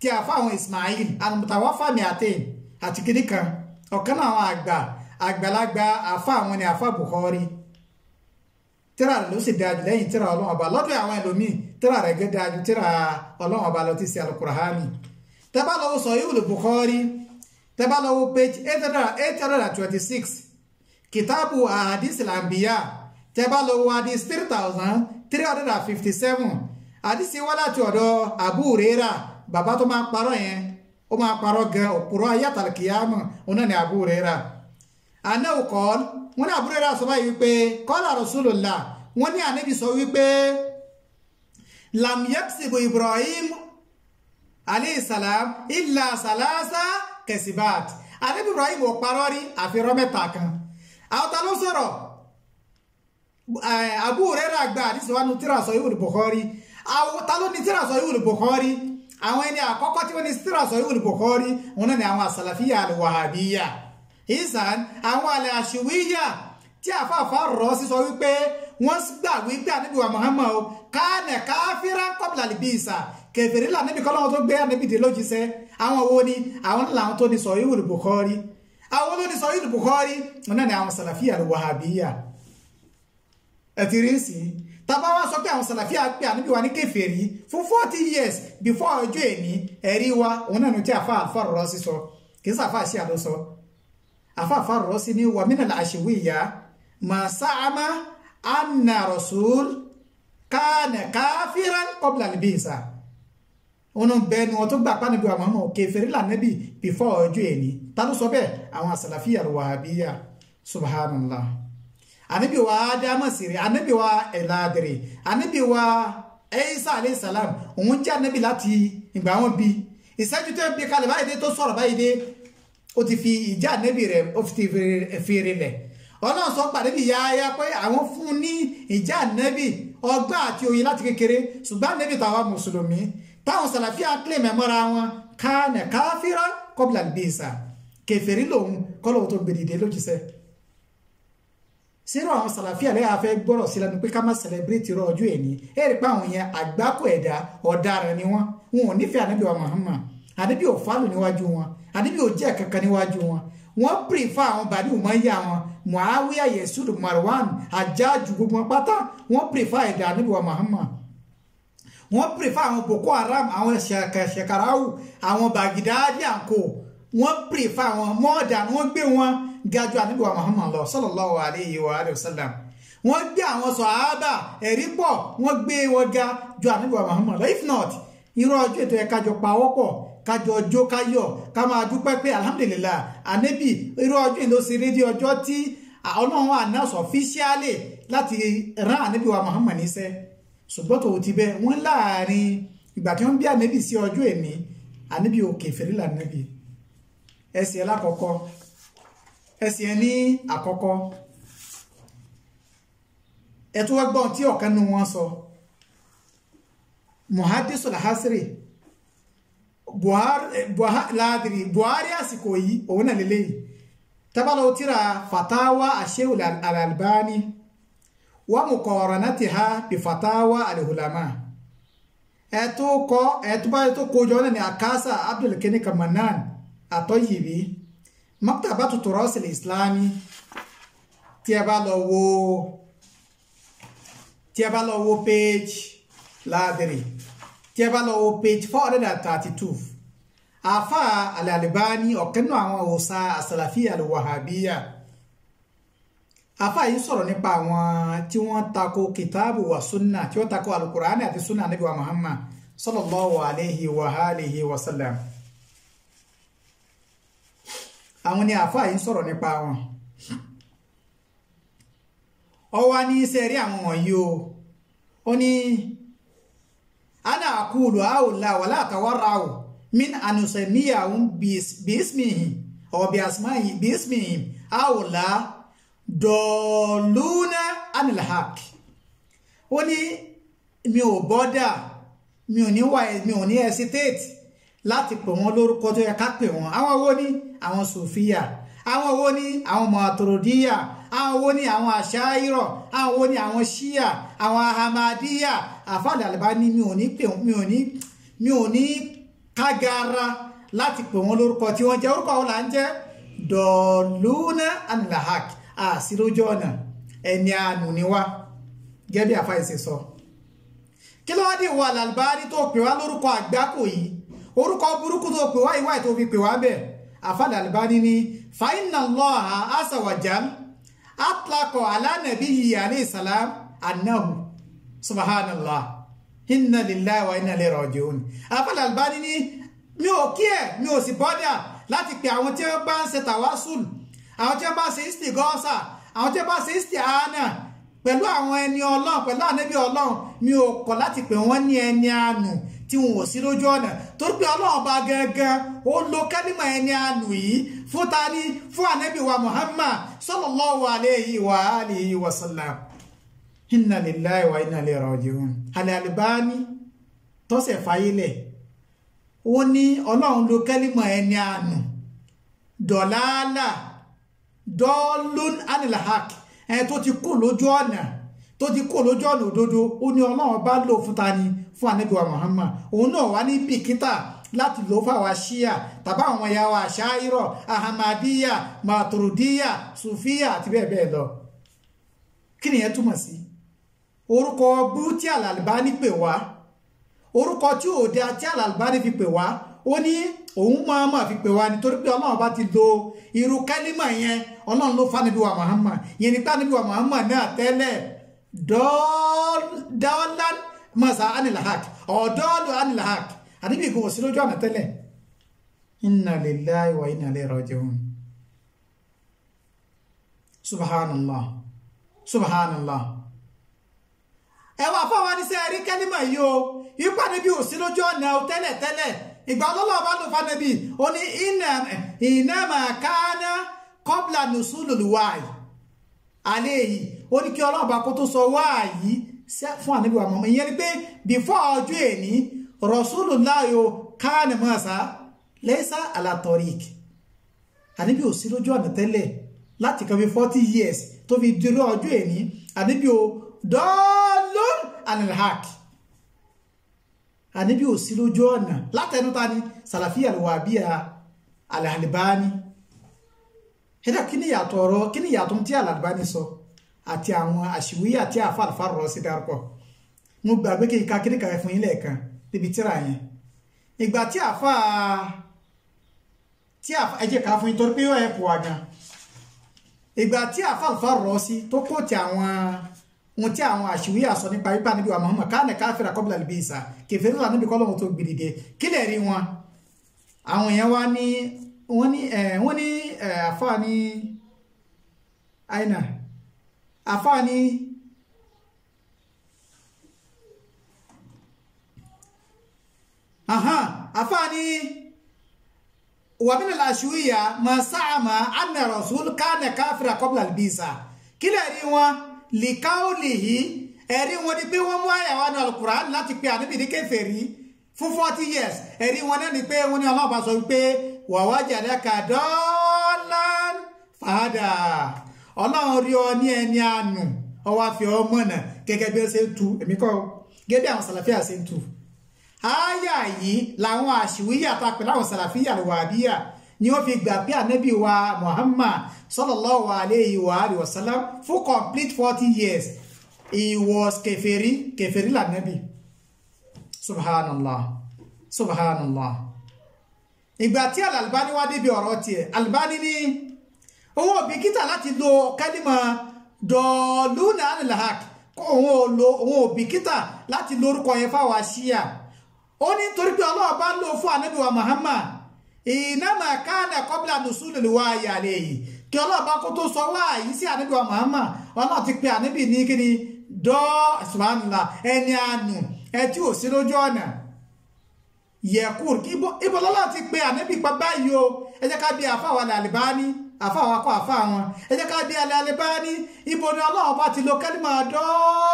tí a fáwọn Ismail al-Mutawaffa mi'atain àti kìdí kan ọ̀kan náà àwọn àgbà àgbàlagbà àfa àwọn ni àfa Bukhari tíra ló sì dájú lẹ́yìn tíra ọlọ́run ọba lọ́dọ̀ àwọn ẹlòmíì tíra rẹ̀ gé dájú tíra ọlọ́run ọba lọ ti ṣe Al-Qur'ani tẹ́ bá lọ́wọ́ Sahihul Bukhari tẹ́bá lọ page eight hundred and twenty-six kìtàbù àdìsí làǹbíyà tẹ́bá lọ wo àdìsí three thousand three hundred and fifty-seven àdìsí wá láti ọ̀dọ̀ Abu Huraira bàbá tó máa parọ́ yẹn ó máa parọ́ gan òpùrọ́ ayé àtàlùkìyàmù òun náà ni Abu Huraira àná òkọ́ wọn ní Abu Huraira sọ báyìí wípé kọ́lá Rasulullah wọn ní ànábì sọ wípé lam yaksibu Ibrahim aleyhisalaam ilà sàlásà kẹsìbáàt ànábì ibrahim ò parọ́ rí àfihàn mẹ́ta kan àwọn ta ló sọ̀rọ̀ eh, abu rẹ́rà gba àdìsí wa nu tíra sọ ìwòlù bukhari àwọn ta ló ní tíra sọ ìwòlù bukhari àwọn ẹni àkọ́kọ́ tí wọ́n ní tíra sọ ìwòlù bukhari wọn náà ni àwọn àsàlàfíà àlùwàhábíyà ìsàn àwọn àlẹ́ àṣìwíyà tí àfààfà rọ̀ sísọ wípé wọ́n gbà wípé ànábì wa muhammad kánẹ̀ káfíra kọ́bìlà lìbíìsà kẹfẹ́rí là níbi kọ́lọ́wọ́ tó gbé ànábì dé lójíṣẹ́ àwọn wo ni àwọn làwọn tó ní sọ ìwúrì Bukhari àwọn tó ní sọ ìwúrì Bukhari náà ni àwọn sàlàfíà wàhábíyà ẹ ti rí sí tàbá wá sọ pé àwọn sàlàfíà pé ànábì wa ní kẹfẹ́rí fún forty years before ọjọ́ èní ẹ̀rí wa òun náà ní tí àfa àfọ̀rọ̀ sísọ kì í sàfà sí àlọ́sọ àfa àfọ̀rọ̀ sí ni wàmínà àṣewìyà màsáàmà anna rasul kánà ìsà òun náà bẹ́ẹ̀ ni wọ́n tó gbà pánibí wa mọ̀ọ́mọ̀ kèfèrí lànẹ́bì bífọ́ ọjọ́ ẹni ta ló sọ bẹ́ẹ̀ àwọn àsàlàfíà wà bíyà subhanallah anabi wa adama siri anabi wa eladiri anabi wa Isa alayhi salam òun jẹ́ anabi láti ìgbà wọn bí ìṣẹ́jú tó bí kalẹ̀ báyìí dé tó sọ̀rọ̀ báyìí dé ó ti fi ìjà anabi rẹ̀ ó ti fi rinlẹ̀ ọlọ́run sọ pàdé bí yáyá pé àwọn fún ní ìjà anabi ọgbà àti òye láti kékeré ṣùgbọ́n anabi tàwa mùsùlùmí táwọn sàlàfíà claim ẹ̀ mọ́ra wọn káànà káfíra kọ́bìlà gbèsà kẹfẹ́rí lòun kọ́lọ́wọ́ tó gbèdìdè lójíṣẹ́ sírò àwọn sàlàfíà lẹ́yìn afẹ́ gbọ́rọ̀ sí lẹ́nu pé ká má celebrate irọ́ ọjọ́ ẹ̀ní ẹ rí pé àwọn yẹn àgbákò ẹ̀dá ọ̀daràn ni wọ́n wọn ò nífẹ̀ẹ́ ànábì wa Muhammad ànábì ò fálù níwájú wọn ànábì ò jẹ́ kankan níwájú wọn wọ́n prefer àwọn bàbí umayya wọn Muawiya Yesud Marwan Hajjaj gbogbo pátá wọ́n prefer ẹ̀dá ànábì wa Muhammad wọ́n prefer àwọn Boko Haram àwọn ṣẹkarawu àwọn Baghdadi àǹkó wọ́n prefer àwọn mọ́ọ̀dà wọ́n gbé wọn gajù àníbíwá Muhammad lọ sallallahu alayhi wa alayhi wa sallam wọ́n gbé àwọn sọ̀hábà ẹ̀rí pọ̀ wọ́n gbé wọn ga ju àníbíwá Muhammad lọ if not irú ọjọ́ ètò ẹ̀ka jọ pa wọ́pọ̀ kájọ ọjọ́ káyọ̀ ká máa dúpẹ́ pé alhamdulillah ànábì irú ọjọ́ ìlú sí rédíò ọjọ́ tí ọlọ́run announce officially láti rán ànábì wa Muhammad níṣẹ́ ṣùgbọ́n tòun ti bẹ́ẹ̀ wọ́n láàrin ìgbà tí wọ́n bí ànẹ́bì sí ọjọ́ èmi ànẹ́bì òkè fèrèlà ànẹ́bì ẹsẹ̀ lákọ̀ọ́kọ́ ẹsẹ̀ ní àkọ́kọ́ ẹ̀tú ẹgbọ́n tí ọ̀kan nu wọn sọ muhadisul hasri buhari buhari àsìkò yìí òun náà lélẹ́yìí tábàlọ́ tíra fatawa àṣẹ́wò al-Albani al ومقارنتها بفتاوى العلماء ẹtú kọ ẹtú báyìí tó kojọ náà ní akásá abdulkini kamanan àtọyìbí maktabatu turosil islami tí ẹ bá lọ wo tí ẹ bá lọ wo page láàdìrì tí ẹ wo page four hundred and thirty two àfa al-Albani ọ̀kẹ́nu àwọn òòsa àsàlàfíà al àfáà sọ̀rọ̀ nípa àwọn tí wọ́n tako wa sunna tí wọ́n tako alukur'ani àti sunna anabi wa muhammad sallallahu alayhi wa alihi wa sallam àwọn ni àfáà sọ̀rọ̀ nípa wọn ọwọ́ ní iṣẹ́ rí àwọn wọ̀nyí o ó ní ana akulu aula wala min anusemiya bi ismihi aw bi dọ̀ọ̀lùnà anilhaq ó ní mi ò bọ́dà mi ò ní wà mi ò ní hesitate láti pè wọ́n lórúkọ tó yẹ ká pè wọ́n àwọn wo ni àwọn sofia àwọn wo ni àwọn mọ̀tòròdíyà àwọn wo ni àwọn àṣàyírọ̀ àwọn wo ni àwọn ṣíà àwọn ahamadíyà àfàdàlẹ́bá ni mi ò ní pè mi ò ní mi ò ní kágara láti pè wọ́n lórúkọ tí wọ́n jẹ́ orúkọ àwọn là ń jẹ́ dọ̀ọ̀lùnà anilhaq àsí lójú ọ̀nà ẹni àánú ni wá gẹ́gẹ́ bí àfáà ṣe sọ kí ló wá dé ìwọ Al-Albani tó pè wá lórúkọ àgbákò yìí orúkọ burúkú tó pè wá ìwà ètò fi pè wá bẹ̀ àfáà Al-Albani ní fa inna Allaha azza wa jal atlaqa ala nabiyyihi alayhi salam annahu subhanallah inna lillahi wa inna mi ò kí ẹ̀ mi ò sì bọ́dà láti pè àwọn tí wọ́n bá ń ṣe tàwásùlù àwọn tí wọ́n bá ṣe isti gọ́ọ̀sà àwọn tí wọ́n bá ṣe isti àánà pẹ̀lú àwọn ẹni ọlọ́run pẹ̀lú ànábì ọlọ́run mi ò kọ̀ láti pè wọ́n ní ẹni àánú tí wọn ò sí lójú ọ̀nà torí pé ọlọ́run bá gangan ó lo kẹ́límọ̀ ẹni àánú yìí fún tani fún ànábì wa Muhammad sallallahu alayhi wa alihi wa sallam inna lillahi wa inna ilayhi raji'un Al-Albani tọ́sẹ̀ fayilẹ̀ ó ní ọlọ́run lo kẹ́límọ̀ ẹni àánú dọ̀láàlà dọ́ọ̀lún anilahak ẹ̀ tó ti kú lójú ọ̀nà tó ti kú lójú ọ̀nà òdodo ó ní ọlọ́run bá lò fún ta ni fún anabiwa muhammad òun náà wá ní bìkítà láti lò fáwa ṣíà tàbá àwọn ìyá wa ṣáírọ ahamadiya maturudiya sufiya àti bẹ́ẹ̀ bẹ́ẹ̀ lọ kí nìyẹn túmọ̀ sí orúkọ búrútì àlàlùbá ní pè wá orúkọ tí òde àti àlàlùbá ní fi pè wá ó ní òun máa máa fi pè wá nítorí pé ọlọ́run bá ti lo irú kálímà yẹn ọlọ́run ló fánibí wa Muhammad yẹn ní tánibí wa Muhammad náà tẹ́lẹ̀ dọ́ọ́lá masa anilahak ọ̀dọ́ọ̀lù anilahak àdébí kò sí lójú ọ̀nà tẹ́lẹ̀ inna lillahi wa inna ilaihi raji'un subhanallah subhanallah ẹ wà fáwọn aníṣẹ́ rí kálímà yìí o yípa níbi òsínlójú ọ̀nà tẹ́lẹ̀ tẹ́lẹ̀ ìgbà lọ́lọ́ bá lò fánẹ́bì ó ní ìnàmà káánà kọ́bla nùsùn lòlùwàyí alẹ́ yìí ó ní kí ọlọ́run bá kó tó sọ wáàyí fún ànábì wa Muhammad ìyẹn ni pé bífọ́ ọjọ́ èní Rasulullah káánà mọ́sá lẹ́sà alatorik ànábì ò sí lójú ọ̀nà tẹ́lẹ̀ láti kan fi forty years tó fi dúró ọjọ́ èní ànábì ò dọ́ọ́lọ́ anilhaki àníbí ò sí lójú ọ̀nà látẹnu ta ni sàlàfíà ló wà bí i Al-Albani ẹ̀dá kí ni ìyàtọ̀ ọ̀rọ̀ kí ni ìyàtọ̀ tí Al-Albani sọ àti àwọn àṣìwíyà tí àfàlùfà rọ̀ sí dárúkọ mo gbà pé kí n ka kíríkà ẹ̀fún yín lẹ́ẹ̀kan níbi tíra yẹn ìgbà tí àfà tí àfà ẹ̀jẹ̀ ká fún yín torí pé ó ẹ̀ pọ̀ àgàn ìgbà tí àfàlùfà rọ̀ sí tó kóòtì àwọn ohun tí àwọn àṣìwí àsọ nípa ipa níbi wa Muhammad káàní káfíra kọ́bílà lè bí ìsà kẹfẹ́ ńlá níbi kọ́lọ́hún tó gbèdìde kílẹ̀ rí wọn àwọn yẹn wá ní wọ́n ní wọ́n ní àfa ní àyìnà àfa ní. aha afani wa min al-ashwiya ma sa'ama anna rasul kana kafira qabla al-bisa kila riwa lìkáòlì yìí ẹ̀rí wọn ni pé wọ́n mú àyàwó ní alukuran láti pe ànábì ní kèfèrí fún forty years ẹ̀rí wọn náà ni pé wọ́n ní ọlọ́ọ̀bá sọ wípé wàwá jàdáka dọ́ọ́lán fàdà ọlọ́run rí ọ ní ẹni àánú ọwọ́ àfi ọmọ náà gẹ́gẹ́ bí ó ṣe ń tu èmi kọ́ gẹ́gẹ́ bí àwọn sàlàfíà ṣe ń tu. ááyà yìí làwọn àṣìwíyà ta pẹ̀lú àwọn sàlàfíà lọ́wọ́ àbíyà ni wọ́n fi gbà pé ànábì wa Muhammad sallallahu alayhi wa alayhi wa sallam for complete forty years he was kẹfẹ́rí kẹfẹ́rí lànàbì subhanallah subhanallah ìgbà tí al-Albani wá débi ọ̀rọ̀ tiẹ̀ al-Albani ní owó bìkítà láti lo kálímà dọ̀ọ́lùnà anilhaq òun ò bìkítà láti lórúkọ yẹn fáwọn àṣìyà ó ní torí pé ọlọ́ọ̀bá ń lò fún ànábì wa Muhammad ìnáma káàdà kọ́bílà nùsùn lè wá ayé àlẹ́ yìí kí ọlọ́ọ̀bá kó tó sọ wá yìí sí ànábì wa Muhammad ọlọ́ọ̀ ti pe ànábì ní kíni dọ́ subhanallah ẹni àánú ẹ tí ò sí lójú ọ̀nà yẹ̀kùr ibo lọ́lọ́ ti pe ànábì pa báyìí o ẹ jẹ́ ká bí àfáwà làlìbáni àfáwà kọ́ àfá wọn ẹ ká bí làlìbáni ibo ni ọlọ́ọ̀bá ti lo kẹ́límà dọ́ọ̀lá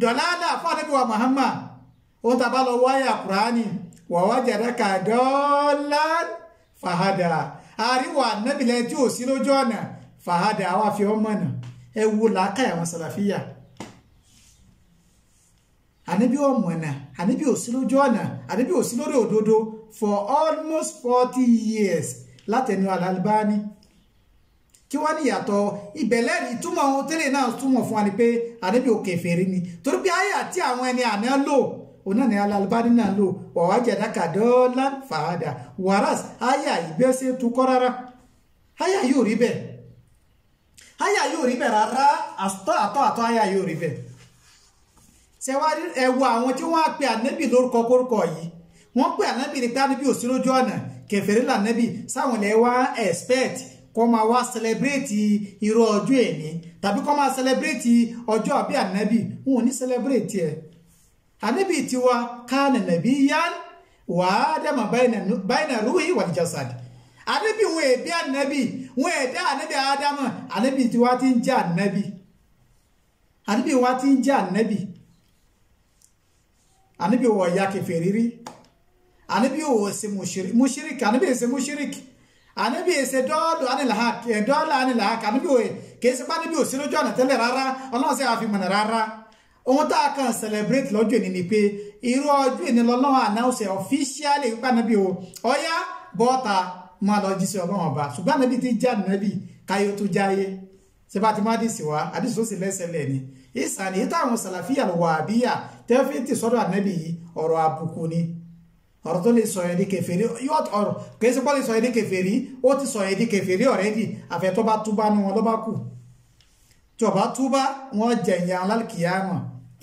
dọ̀lá àfáà ànábì wa Muhammad òun wàwájàdáka dọ́ọ́lá fàhádà àríwá ànábìlẹ̀ tí ò sí lójú ọ̀nà fàhádà àwa fi ọmọ ọ̀nà ẹ wo làákàyà àwọn sàlàfíà ànábì ọmọ ọ̀nà ànábì ò sí lójú ọ̀nà ànábì ò sí lórí òdodo for almost forty years látẹnu Al-Albani kí wọ́n ní ìyàtọ̀ ìbẹ̀lẹ̀ ní túmọ̀ ohun tẹ́lẹ̀ náà túmọ̀ fún wa ni pé ànábì ò kèfèrí ni torí pé àyà tí àwọn ẹni àná lò òun náà ni alalibani náà lò wàá jẹ̀dá kàdọ́ọ́lá fàádà wàràs àyà ìgbésẹ̀ tukọ́ rárá àyà yóò rí bẹ́ẹ̀ àyà yóò rí bẹ́ẹ̀ rárá àtọ́ àtọ́ àtọ́ àyà yóò rí bẹ́ẹ̀ ṣẹwárí ẹ̀wọ̀ àwọn tí wọ́n á pe ànẹ́bì lórúkọ kórúkọ yìí wọ́n pe ànẹ́bì ní káníbì òsì lójú ọ̀nà kẹfẹ́rí sáwọn ilẹ̀ wá expect kọ́ máa wá celebrate irú ọjọ́ èní tàbí kọ́ máa celebrate ọjọ́ àbí ànẹ́bì wọn ò ní celebrate ẹ̀ ànábì tiwa kánà nabiyyan wà á dàmà bayna ruhi wal jasad ànábì wọn èbí ànábì wọn èdè ànábì ádámà ànábì tiwa ti ń jẹ́ ànábì ànábì wa ti ń jẹ́ ànábì ànábì wọ̀ ya kẹfẹ́ rírí ànábì wọ̀ ṣe mushrik ànábì ṣe mushrik anabi ese dọọlu anilahak eh, dọọlu anilahak anabi oye kesi pa anabi osi lójú ọ̀nà tẹ́lẹ̀ rárá ọlọ́run sì àfihàn rárá ohun tá a kàn celebrate lọ́jọ́ èní ni pé irú ọjọ́ èní lọ́lọ́wọ́ announce officially wípé ànábì o ọ̀yá bọ́ọ̀ta máa lọ jíṣẹ́ ọlọ́run ọba ṣùgbọ́n ànábì ti já ànábì káyọ̀ tó jáyé ṣé bá ti má dì sí wa àdìsí ó sì lẹ́sẹ̀lẹ̀ ni ìsàlẹ̀ yìí táwọn sàlàfíà lọ́wọ́ àbíyà tẹ́fẹ́tì sọ́dọ̀ ànábì yìí ọ̀rọ̀ àbùkù ni ọ̀rọ̀ tó lè sọ ẹ̀ di kèfèrí yóò ọ̀rọ̀ kìí ṣe pọ́ lè sọ ẹ̀ di kèfèrí ó ti sọ ẹ̀ di kèfèrí already àfẹ́tọ́ bá wọn ló kù tí ọba túbá wọn jẹ̀yàn lálùkìyà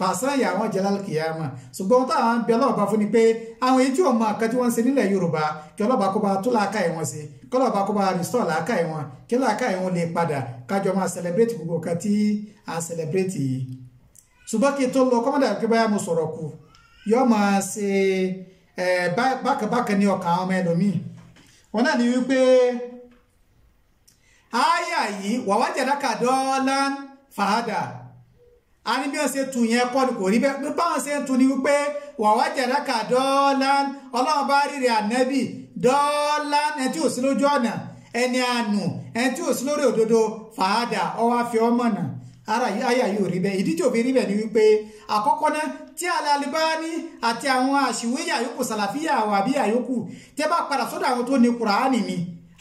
tàṣán ìyá àwọn jẹlá kìyàmà ṣùgbọ́n táwọn bẹ ọlọ́ọ̀bá fún ni pé àwọn etí ọmọ kan tí wọ́n ń ṣe nílẹ̀ yorùbá kí ọlọ́ọ̀bá kó bá tó làákà ìwọ̀n sí kí ọlọ́ọ̀bá kó bá rìstọ̀ làákà ìwọ̀n kí làákà ìwọ̀n lè padà kájọ máa celebrate gbogbo kan tí a celebrate yìí ṣùgbọ́n kí n tó lọ kọ́mọ́dà kí báyà mo sọ̀rọ̀ kù yóò máa ṣe bákàbákà ní ọkàn ọmọ ẹlòmíì wọn a ní bí wọ́n ṣe tún yẹn kọ́ ni kò rí bẹ́ẹ̀ pé báwọn ṣe ń tún ni wípé wàwá jẹ̀dáka dọ́ọ́lán ọlọ́run bá rí rẹ̀ ànẹ́bì dọ́ọ́lán ẹ̀ tí ò sí lójú ọ̀nà ẹni àánú ẹ̀ ò sí lórí òdodo fàádà ọwọ́ àfi ọmọ náà ara àyà yóò rí bẹ́ẹ̀ ìdí tí òfin rí bẹ́ẹ̀ ni wípé àkọ́kọ́ náà tí Al-Albani àti àwọn àṣìwéyà yòókù sàlàfíà àwọn àbí àyókù tẹ́ bá padà sọ́dọ̀ àwọn tó ní Kùránì ni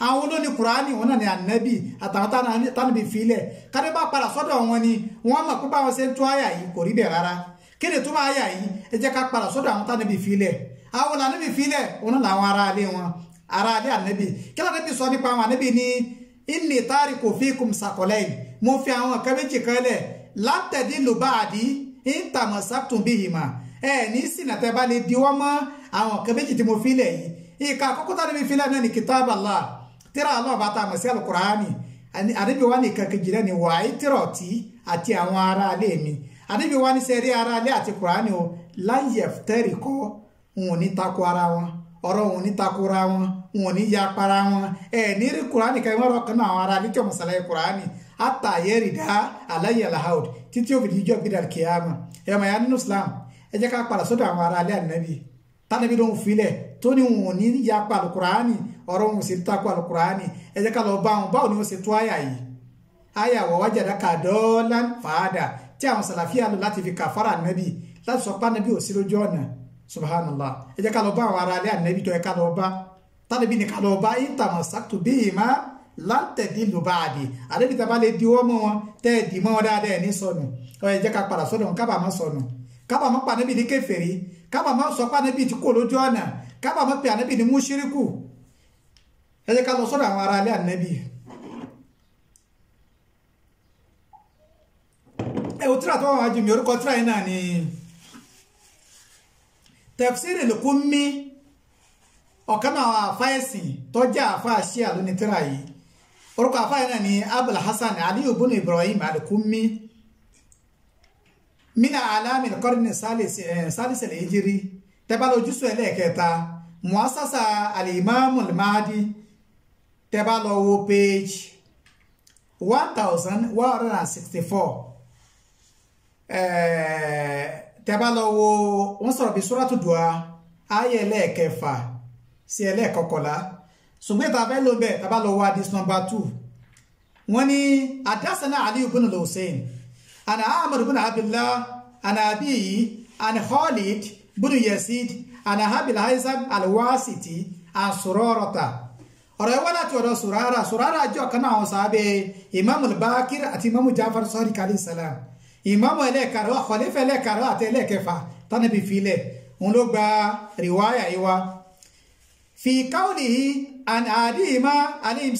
àwọn olóni kùránì wọn náà ni ànábì àtàwọn tánàbì filẹ̀ kárí padà sọ́dọ̀ wọn ni wọ́n mọ̀ pé báwọn ṣe ń tún àyà yìí kò rí bẹ̀ rárá kí ni túmọ̀ àyà yìí ẹ jẹ́ ká padà sọ́dọ̀ àwọn tánàbì filẹ̀ àwọn lànàbì filẹ̀ wọn náà làwọn ará alẹ́ wọn ará alẹ́ ànábì kí lànàbì sọ nípa àwọn ànábì ni inni tariku fikum saqalayn mo fi àwọn nǹkan méjì kan lẹ̀ látẹ̀dí lùbáàdì intamasaktum bihima ẹ ní sìnàtẹ́ bá lè diwọ́ mọ́ àwọn nǹkan méjì tí mo filẹ̀ yìí ìka àkọ́kọ́ tánàbì filẹ̀ náà tíra ọlọ́ọ̀bá tá a mọ̀ sí alukurani ànábì wa nìkan kejì rẹ̀ ni wàá tíra ọ̀tí àti àwọn ará ilé mi ànábì wa ní sẹ́rí ará ilé àti kurani o láyẹ̀f tẹ́rì kọ́ òun ní takò ara wọn ọ̀rọ̀ òun ní takò ra wọn òun ní ya para wọn ẹ̀ ní rí kurani kan ìmọ̀ràn kan náà àwọn ará ilé tí ọmọ sàlàyé kurani ata yẹ́rì dá aláyẹ̀ lahaud títí òfin ìjọ bídà kìáma ẹ̀ mọ̀ ya nínú Islam ẹ jẹ́ ká padà sọ́dọ̀ àwọn ará ilé ànábì tánàbí ló ń filẹ̀ tó ní wọn ní yapa alukurani ọ̀rọ̀ wọn sì takò alukurani ẹ jẹ́ ká lọ bá wọn báwo ni wọ́n ṣe tó àyà yìí àyà wọ́n wájà dáka dọ́ọ́lá fàádà tí àwọn sàlàfíà lò láti fi kàfàrà nàbì láti sọ pé nàbì ò sí lójú ọ̀nà subhanallah ẹ jẹ́ ká lọ bá àwọn ará alẹ́ ànábì tó yẹ ká lọ bá tàbí ní ká lọ bá ìtàmọ̀sáàtò bí ìmá láǹtẹ̀dí ló bá àdì àdébí tá a bá lè diwọ́ mọ́ wọn tẹ́ ẹ̀ dì mọ́ wọn dáadáa ẹ̀ ní sọnù ẹ jẹ́ ká padà sọnù kábàámọ̀ sọnù kábàámọ̀ pa níbi ní kèfèrí kábàámọ̀ sọ pa níbi tí kò lójú ọ̀nà kábà mọ́ pé ànábì ni múṣíríkù ẹ jẹ́ ká lọ sọ́dọ̀ àwọn ará ilé ànábì ẹ ò tíra tó wà wájú mi orúkọ tíra yìí náà ni tafsiri Al-Qummi ọ̀kan náà àfáyẹ̀sìn tọ́jà àfáà ṣíà lónìí tíra ni Abul Hasan Aliyu bunu Ibrahim Al-Qummi mina alamin kọ́rin ní sálísẹ̀ tẹ́bá lójú sùn ẹlẹ́ẹ̀kẹta muasasa alimami mahadi tẹ́bá lọ wo page one thousand one hundred and sixty four eh, tẹ́bá lọ wo wọ́n sọ̀rọ̀ bí suratu dua ayé ẹlẹ́ẹ̀kẹfà sí ẹlẹ́ẹ̀kọkànlá ṣùgbọ́n ìta fẹ́ ló bẹ̀ tẹ́bá lọ wo hadith number two wọ́n ní adásánà aliyu bin hussein ana ahmad bin abdullah ana abiyi ana khalid bunu Yazid an Ahabil Haysam al-Wasiti an Surarata ọ̀rọ̀ ẹwọ́ láti ọ̀dọ̀ Surara Surara jẹ́ ọ̀kan náà sábẹ́ Imam al-Bakir àti Imam Jafar sọ́rí kàlí sàlám Imam ẹlẹ́ẹ̀karọ́ àkọlẹ́fẹ́ ẹlẹ́ẹ̀karọ́ àti ẹlẹ́ẹ̀kẹfà tánàbí filẹ̀ òun ló gba rìwáyà yìí fi qawlihi an àdìyí má alayhim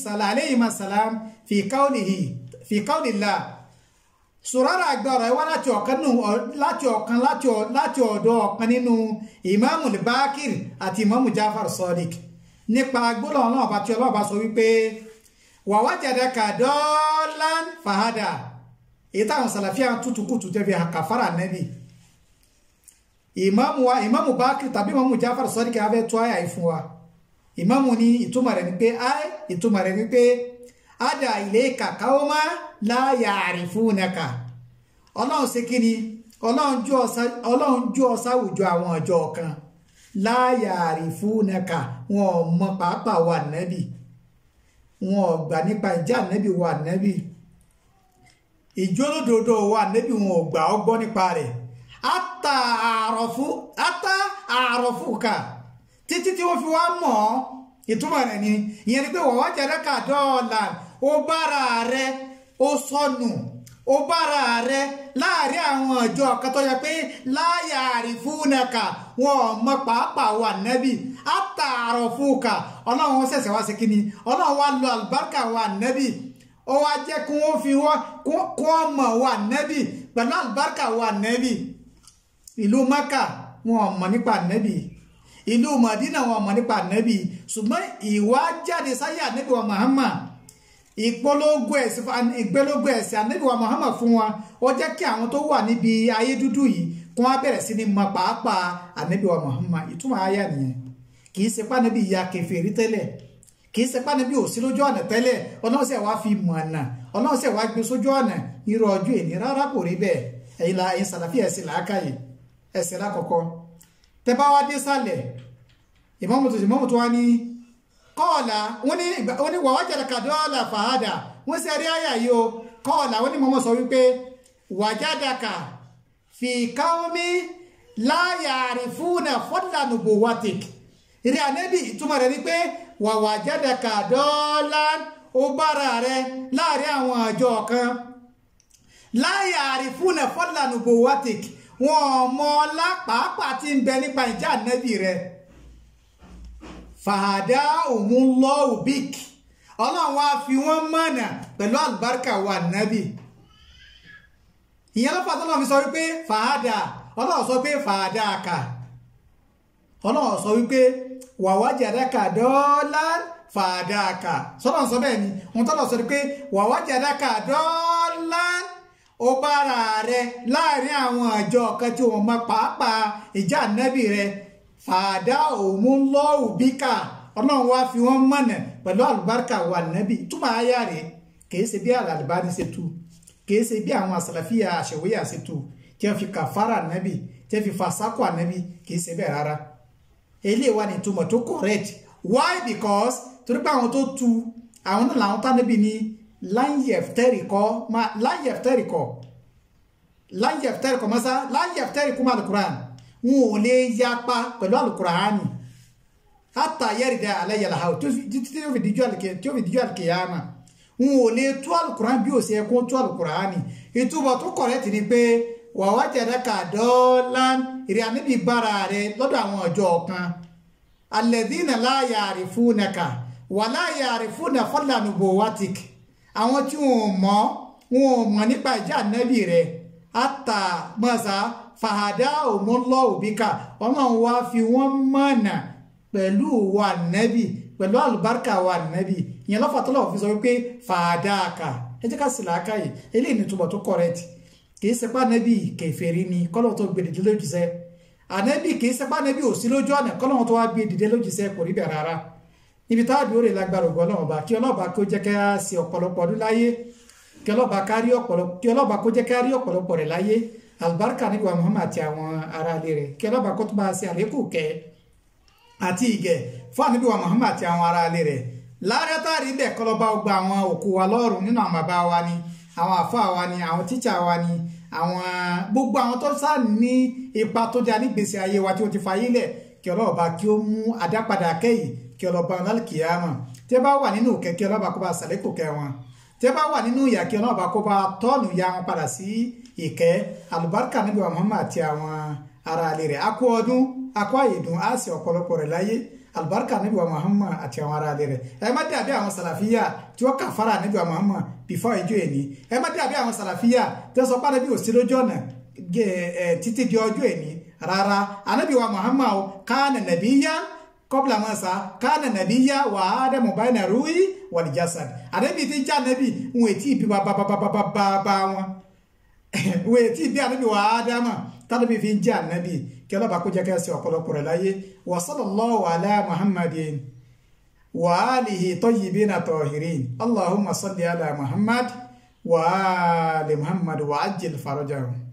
salam fi qawlihi fi qawlillah sùrárà agbára ẹ wá láti ọ̀kan láti ọ̀kan láti ọ̀dọ̀ ọ̀kan nínú ìmáàmù bakir àti ìmáàmù jafar sadiq nípa gbólọ̀ náà bá tí ọlọ́ọ̀bá sọ wípé wàwájàdàkà dọ́ọ́lán fàhádà èyí táwọn sàlàfíà tútùkùtù jẹ́bi àkàfàrà nẹ́bì ìmáàmù wa ìmáàmù bakir tàbí ìmáàmù jafar sadiq abẹ́ tó àyà ìfún wa ìmáàmù ní ìtumọ̀ rẹ̀ ní pé áì ìtumọ̀ rẹ̀ ní pé ada ìlẹ́ka káwọ́má láàyà àrífúnaka ọlọ́run ṣe kí ni ọlọ́run àwọn kan láàyà àrífúnaka wọn ò mọ pàápàá wà nẹ́bì wọn ò gbà nípa ìjà wà nẹ́bì ìjólódodo wà nẹ́bì wọn ò gbà nípa ata títí fi wá mọ ọ́ ìtumọ̀ ni ìyẹn ni o bára rẹ o sọnù o bára rẹ láàrin àwọn ọjọ́ kan tó yẹ pé láyà àrífúnaka wọn ò mọ pàápàá wà nẹ́bì àtààrọ̀ fúnka ọlọ́run ṣẹ̀ṣẹ̀ wá sí kínní ọlọ́run wá lo àlùbáríkà wà nẹ́bì ó wá jẹ́ kí wọ́n fi wọ́n kó ọmọ wà nẹ́bì pẹ̀lú àlùbáríkà wà nẹ́bì ìlú maka wọn ò mọ̀ nípa nẹ́bì ìlú mọ̀dínà wọn ò mọ̀ nípa nẹ́bì ṣùgbọ́n ìwà jáde sáyà nẹ́bì wa Muhammad ìpolongo ẹ̀sìn a ẹ̀sìn anábìwá Muhammad fún wa ó jẹ́ kí àwọn tó wà níbi ayé dúdú yìí kún á bẹ̀rẹ̀ sí ni mọ pàápàá anábìwá Muhammad ìtumọ̀ ayá nìyẹn kì í ṣe pánábì ìyá kèfèrí tẹ́lẹ̀ kì í ṣe pánábì òsí lójú ọ̀nà tẹ́lẹ̀ fi mọ̀ ọ̀nà ọlọ́run sì gbé sójú ọ̀nà irú ọjọ́ èní rárá kò rí la ẹ̀yin sàlàfí ẹ̀sìn ẹ̀sìn lákọ̀ọ́kọ́ kọ́ọ̀là wọ́n ní ìgbà wọ́n ní wàwájàdà kàdọ́ọ̀là fàhádà wọ́n sì rí àyà yìí o kọ́ọ̀là wọ́n ní mọ́mọ́ sọ wípé wàjádàkà fi káwọ́mí láyà àrífúnà fọ́dàlù bòwátìk rí ànẹ́bì ìtumọ̀ rẹ̀ ni pé wàwájádàkà dọ́ọ̀là ó bára rẹ láàrin àwọn àjọ kan láyà àrífúnà fọ́dàlù bòwátìk wọn mọ ọlá pàápàá ti ń bẹ nípa ìjà ànẹ́bì rẹ̀ fàhádà òun lọ́wọ́ bík ọlọ́run wá fi wọ́n mọ̀nà pẹ̀lú àlùbáríkà wa nábì ìyẹn lọ́pàá tọ́lọ́ fi sọ wípé fàhádà ọlọ́run sọ pé fàhádà kà ọlọ́run sọ wípé wàwájà dákà dọ́ọ́lá fàhádà kà sọ́dọ̀ sọ bẹ́ẹ̀ ni òun tọ́lọ̀ sọ pé wàwájà dákà dọ́ọ́lá ó bára rẹ láàrin àwọn àjọ kan tí wọn mọ pàápàá ìjà nábì rẹ fàdá òmùlọ́ọ̀hù bíkà ọlọ́run wá fi wọ́n mọ̀nà pẹ̀lú àlùbáríkà wà nábì túmọ̀ ayá rẹ̀ kìí ṣe bí àlàlùbá ní ṣe tu kìí ṣe bí àwọn àṣàlàfíà àṣẹwéyà ṣe tu tí wọ́n fi kàfàrà nábì tí wọ́n fi fàṣákò nábì kìí ṣe bẹ́ẹ̀ rárá eléyìí wà ní túmọ̀ tó correct why because torí pé àwọn tó tu àwọn náà làwọn tánábì ní láyẹ̀ftẹ́rìkọ́ láyẹ̀ftẹ́rìkọ́ láyẹ̀ftẹ́rìkọ́ mọ́sá láyẹ̀ftẹ́rìkọ́ mọ́ wọn ò lè yapa pẹ̀lú alukurani hata yẹ́rìndà aláyàlá ha títí yóò fi díjú àlùkìyàmà wọn ò lè tú alukurani bí ó ṣe kó tú alukurani ìtumọ̀ tó kọ̀rẹ́tì ni pé wàá jẹ̀dá kà dọ́ọ́lá ìrìn àníbi bára rẹ lọ́dọ̀ àwọn ọjọ́ kan alẹ́dínà láàyà àrífúnaka wà láàyà àrífúnà fọ́lànùbò watik àwọn tí wọn ò mọ̀ wọn ò mọ̀ nípa ìjà ànábì rẹ̀ àtà mọ́sá fàhádà òmùlọ́ òbíkà ọlọ́run wá fi wọ́n mọ̀nà pẹ̀lú wa nẹ́bì pẹ̀lú àlùbáríkà wa nẹ́bì ìyẹn lọ́fà tó lọ́wọ́ fi sọ wípé fàhádà àkà ẹ jẹ́ ká sì làákà yìí eléyìí ni túbọ̀ tó kọ̀rẹ́tì kìí sepá nẹ́bì kẹfẹ́rí ni kọ́lọ́wọ́ tó gbé dìde lójúṣẹ́ ànẹ́bì kìí sepá nẹ́bì òsí lójú ọ̀nà kọ́lọ́wọ́ tó wá gbé dìde lójúṣẹ́ kò rí bẹ̀ rárá níbi táàbí ó lè lágbára rẹ̀ láyé alibarika níbi wa muhammad àti àwọn aráalé rẹ̀ kí ọlọ́ba kó tó bá ṣe àlékù kẹ́ àti ìgẹ̀ fún àníbi wa muhammad àti àwọn aráalé rẹ̀ ládàtàrí bẹ́ẹ̀ kọlọ́ba gba àwọn òkú wa lọ́rùn nínú àwọn bàbá wa ni àwọn àfáà wa ni àwọn tíṣà wa ni àwọn gbogbo àwọn tó sá ní ipa tó já nígbèsè ayé wa tí ó ti fayé lẹ̀ kí ọlọ́ba kí ó mú adápadà kẹ́yìn kí ọlọ́ba ọlọ́kìyàmọ̀ tí ẹ bá wà nínú kẹ́kẹ́ ọlọ́ba kó bá ṣàlékù kẹ́ wọn tẹ́ bá wà nínú ìyà kí ọlọ́run bá kó bá tọ́ọ̀nù ya wọn padà sí ìkẹ́ àlùbáríkà níbi wa Muhammad àti àwọn ará ilé rẹ̀ akú ọdún akú àyèdùn á sì ọ̀pọ̀lọpọ̀ rẹ̀ láyé àlùbáríkà níbi wa Muhammad àti àwọn ará ilé rẹ̀ ẹ má dàbí àwọn sàlàfíà tí wọ́n kàfàrà níbi wa Muhammad before ìjọ èní ẹ má dàbí àwọn sàlàfíà tẹ́ sọ pàdé bí òsì lójú ọ̀nà títí di ọjọ́ èní rárá ànábì wa Muhammad kánà nàbíyá kọ́bùlà máa sá káànà nàbíyá wà á dẹ̀ mọ̀ báyìí nàrú yìí wọ́n ní jásad ànábì ti já ànábì wọn ètí ìbí bàbàbàbàbà wọn wọn ètí ìbí ànábì wà á dá mà tàbí fi ń já ànábì kí ọlọ́ba kó jẹ́ kẹ́sì ọ̀pọ̀lọpọ̀ rẹ̀ láyé wa sallallahu ala muhammadin wa alihi tayyibina tahirin allahumma salli ala muhammad wa ali muhammad wa ajil farajahum.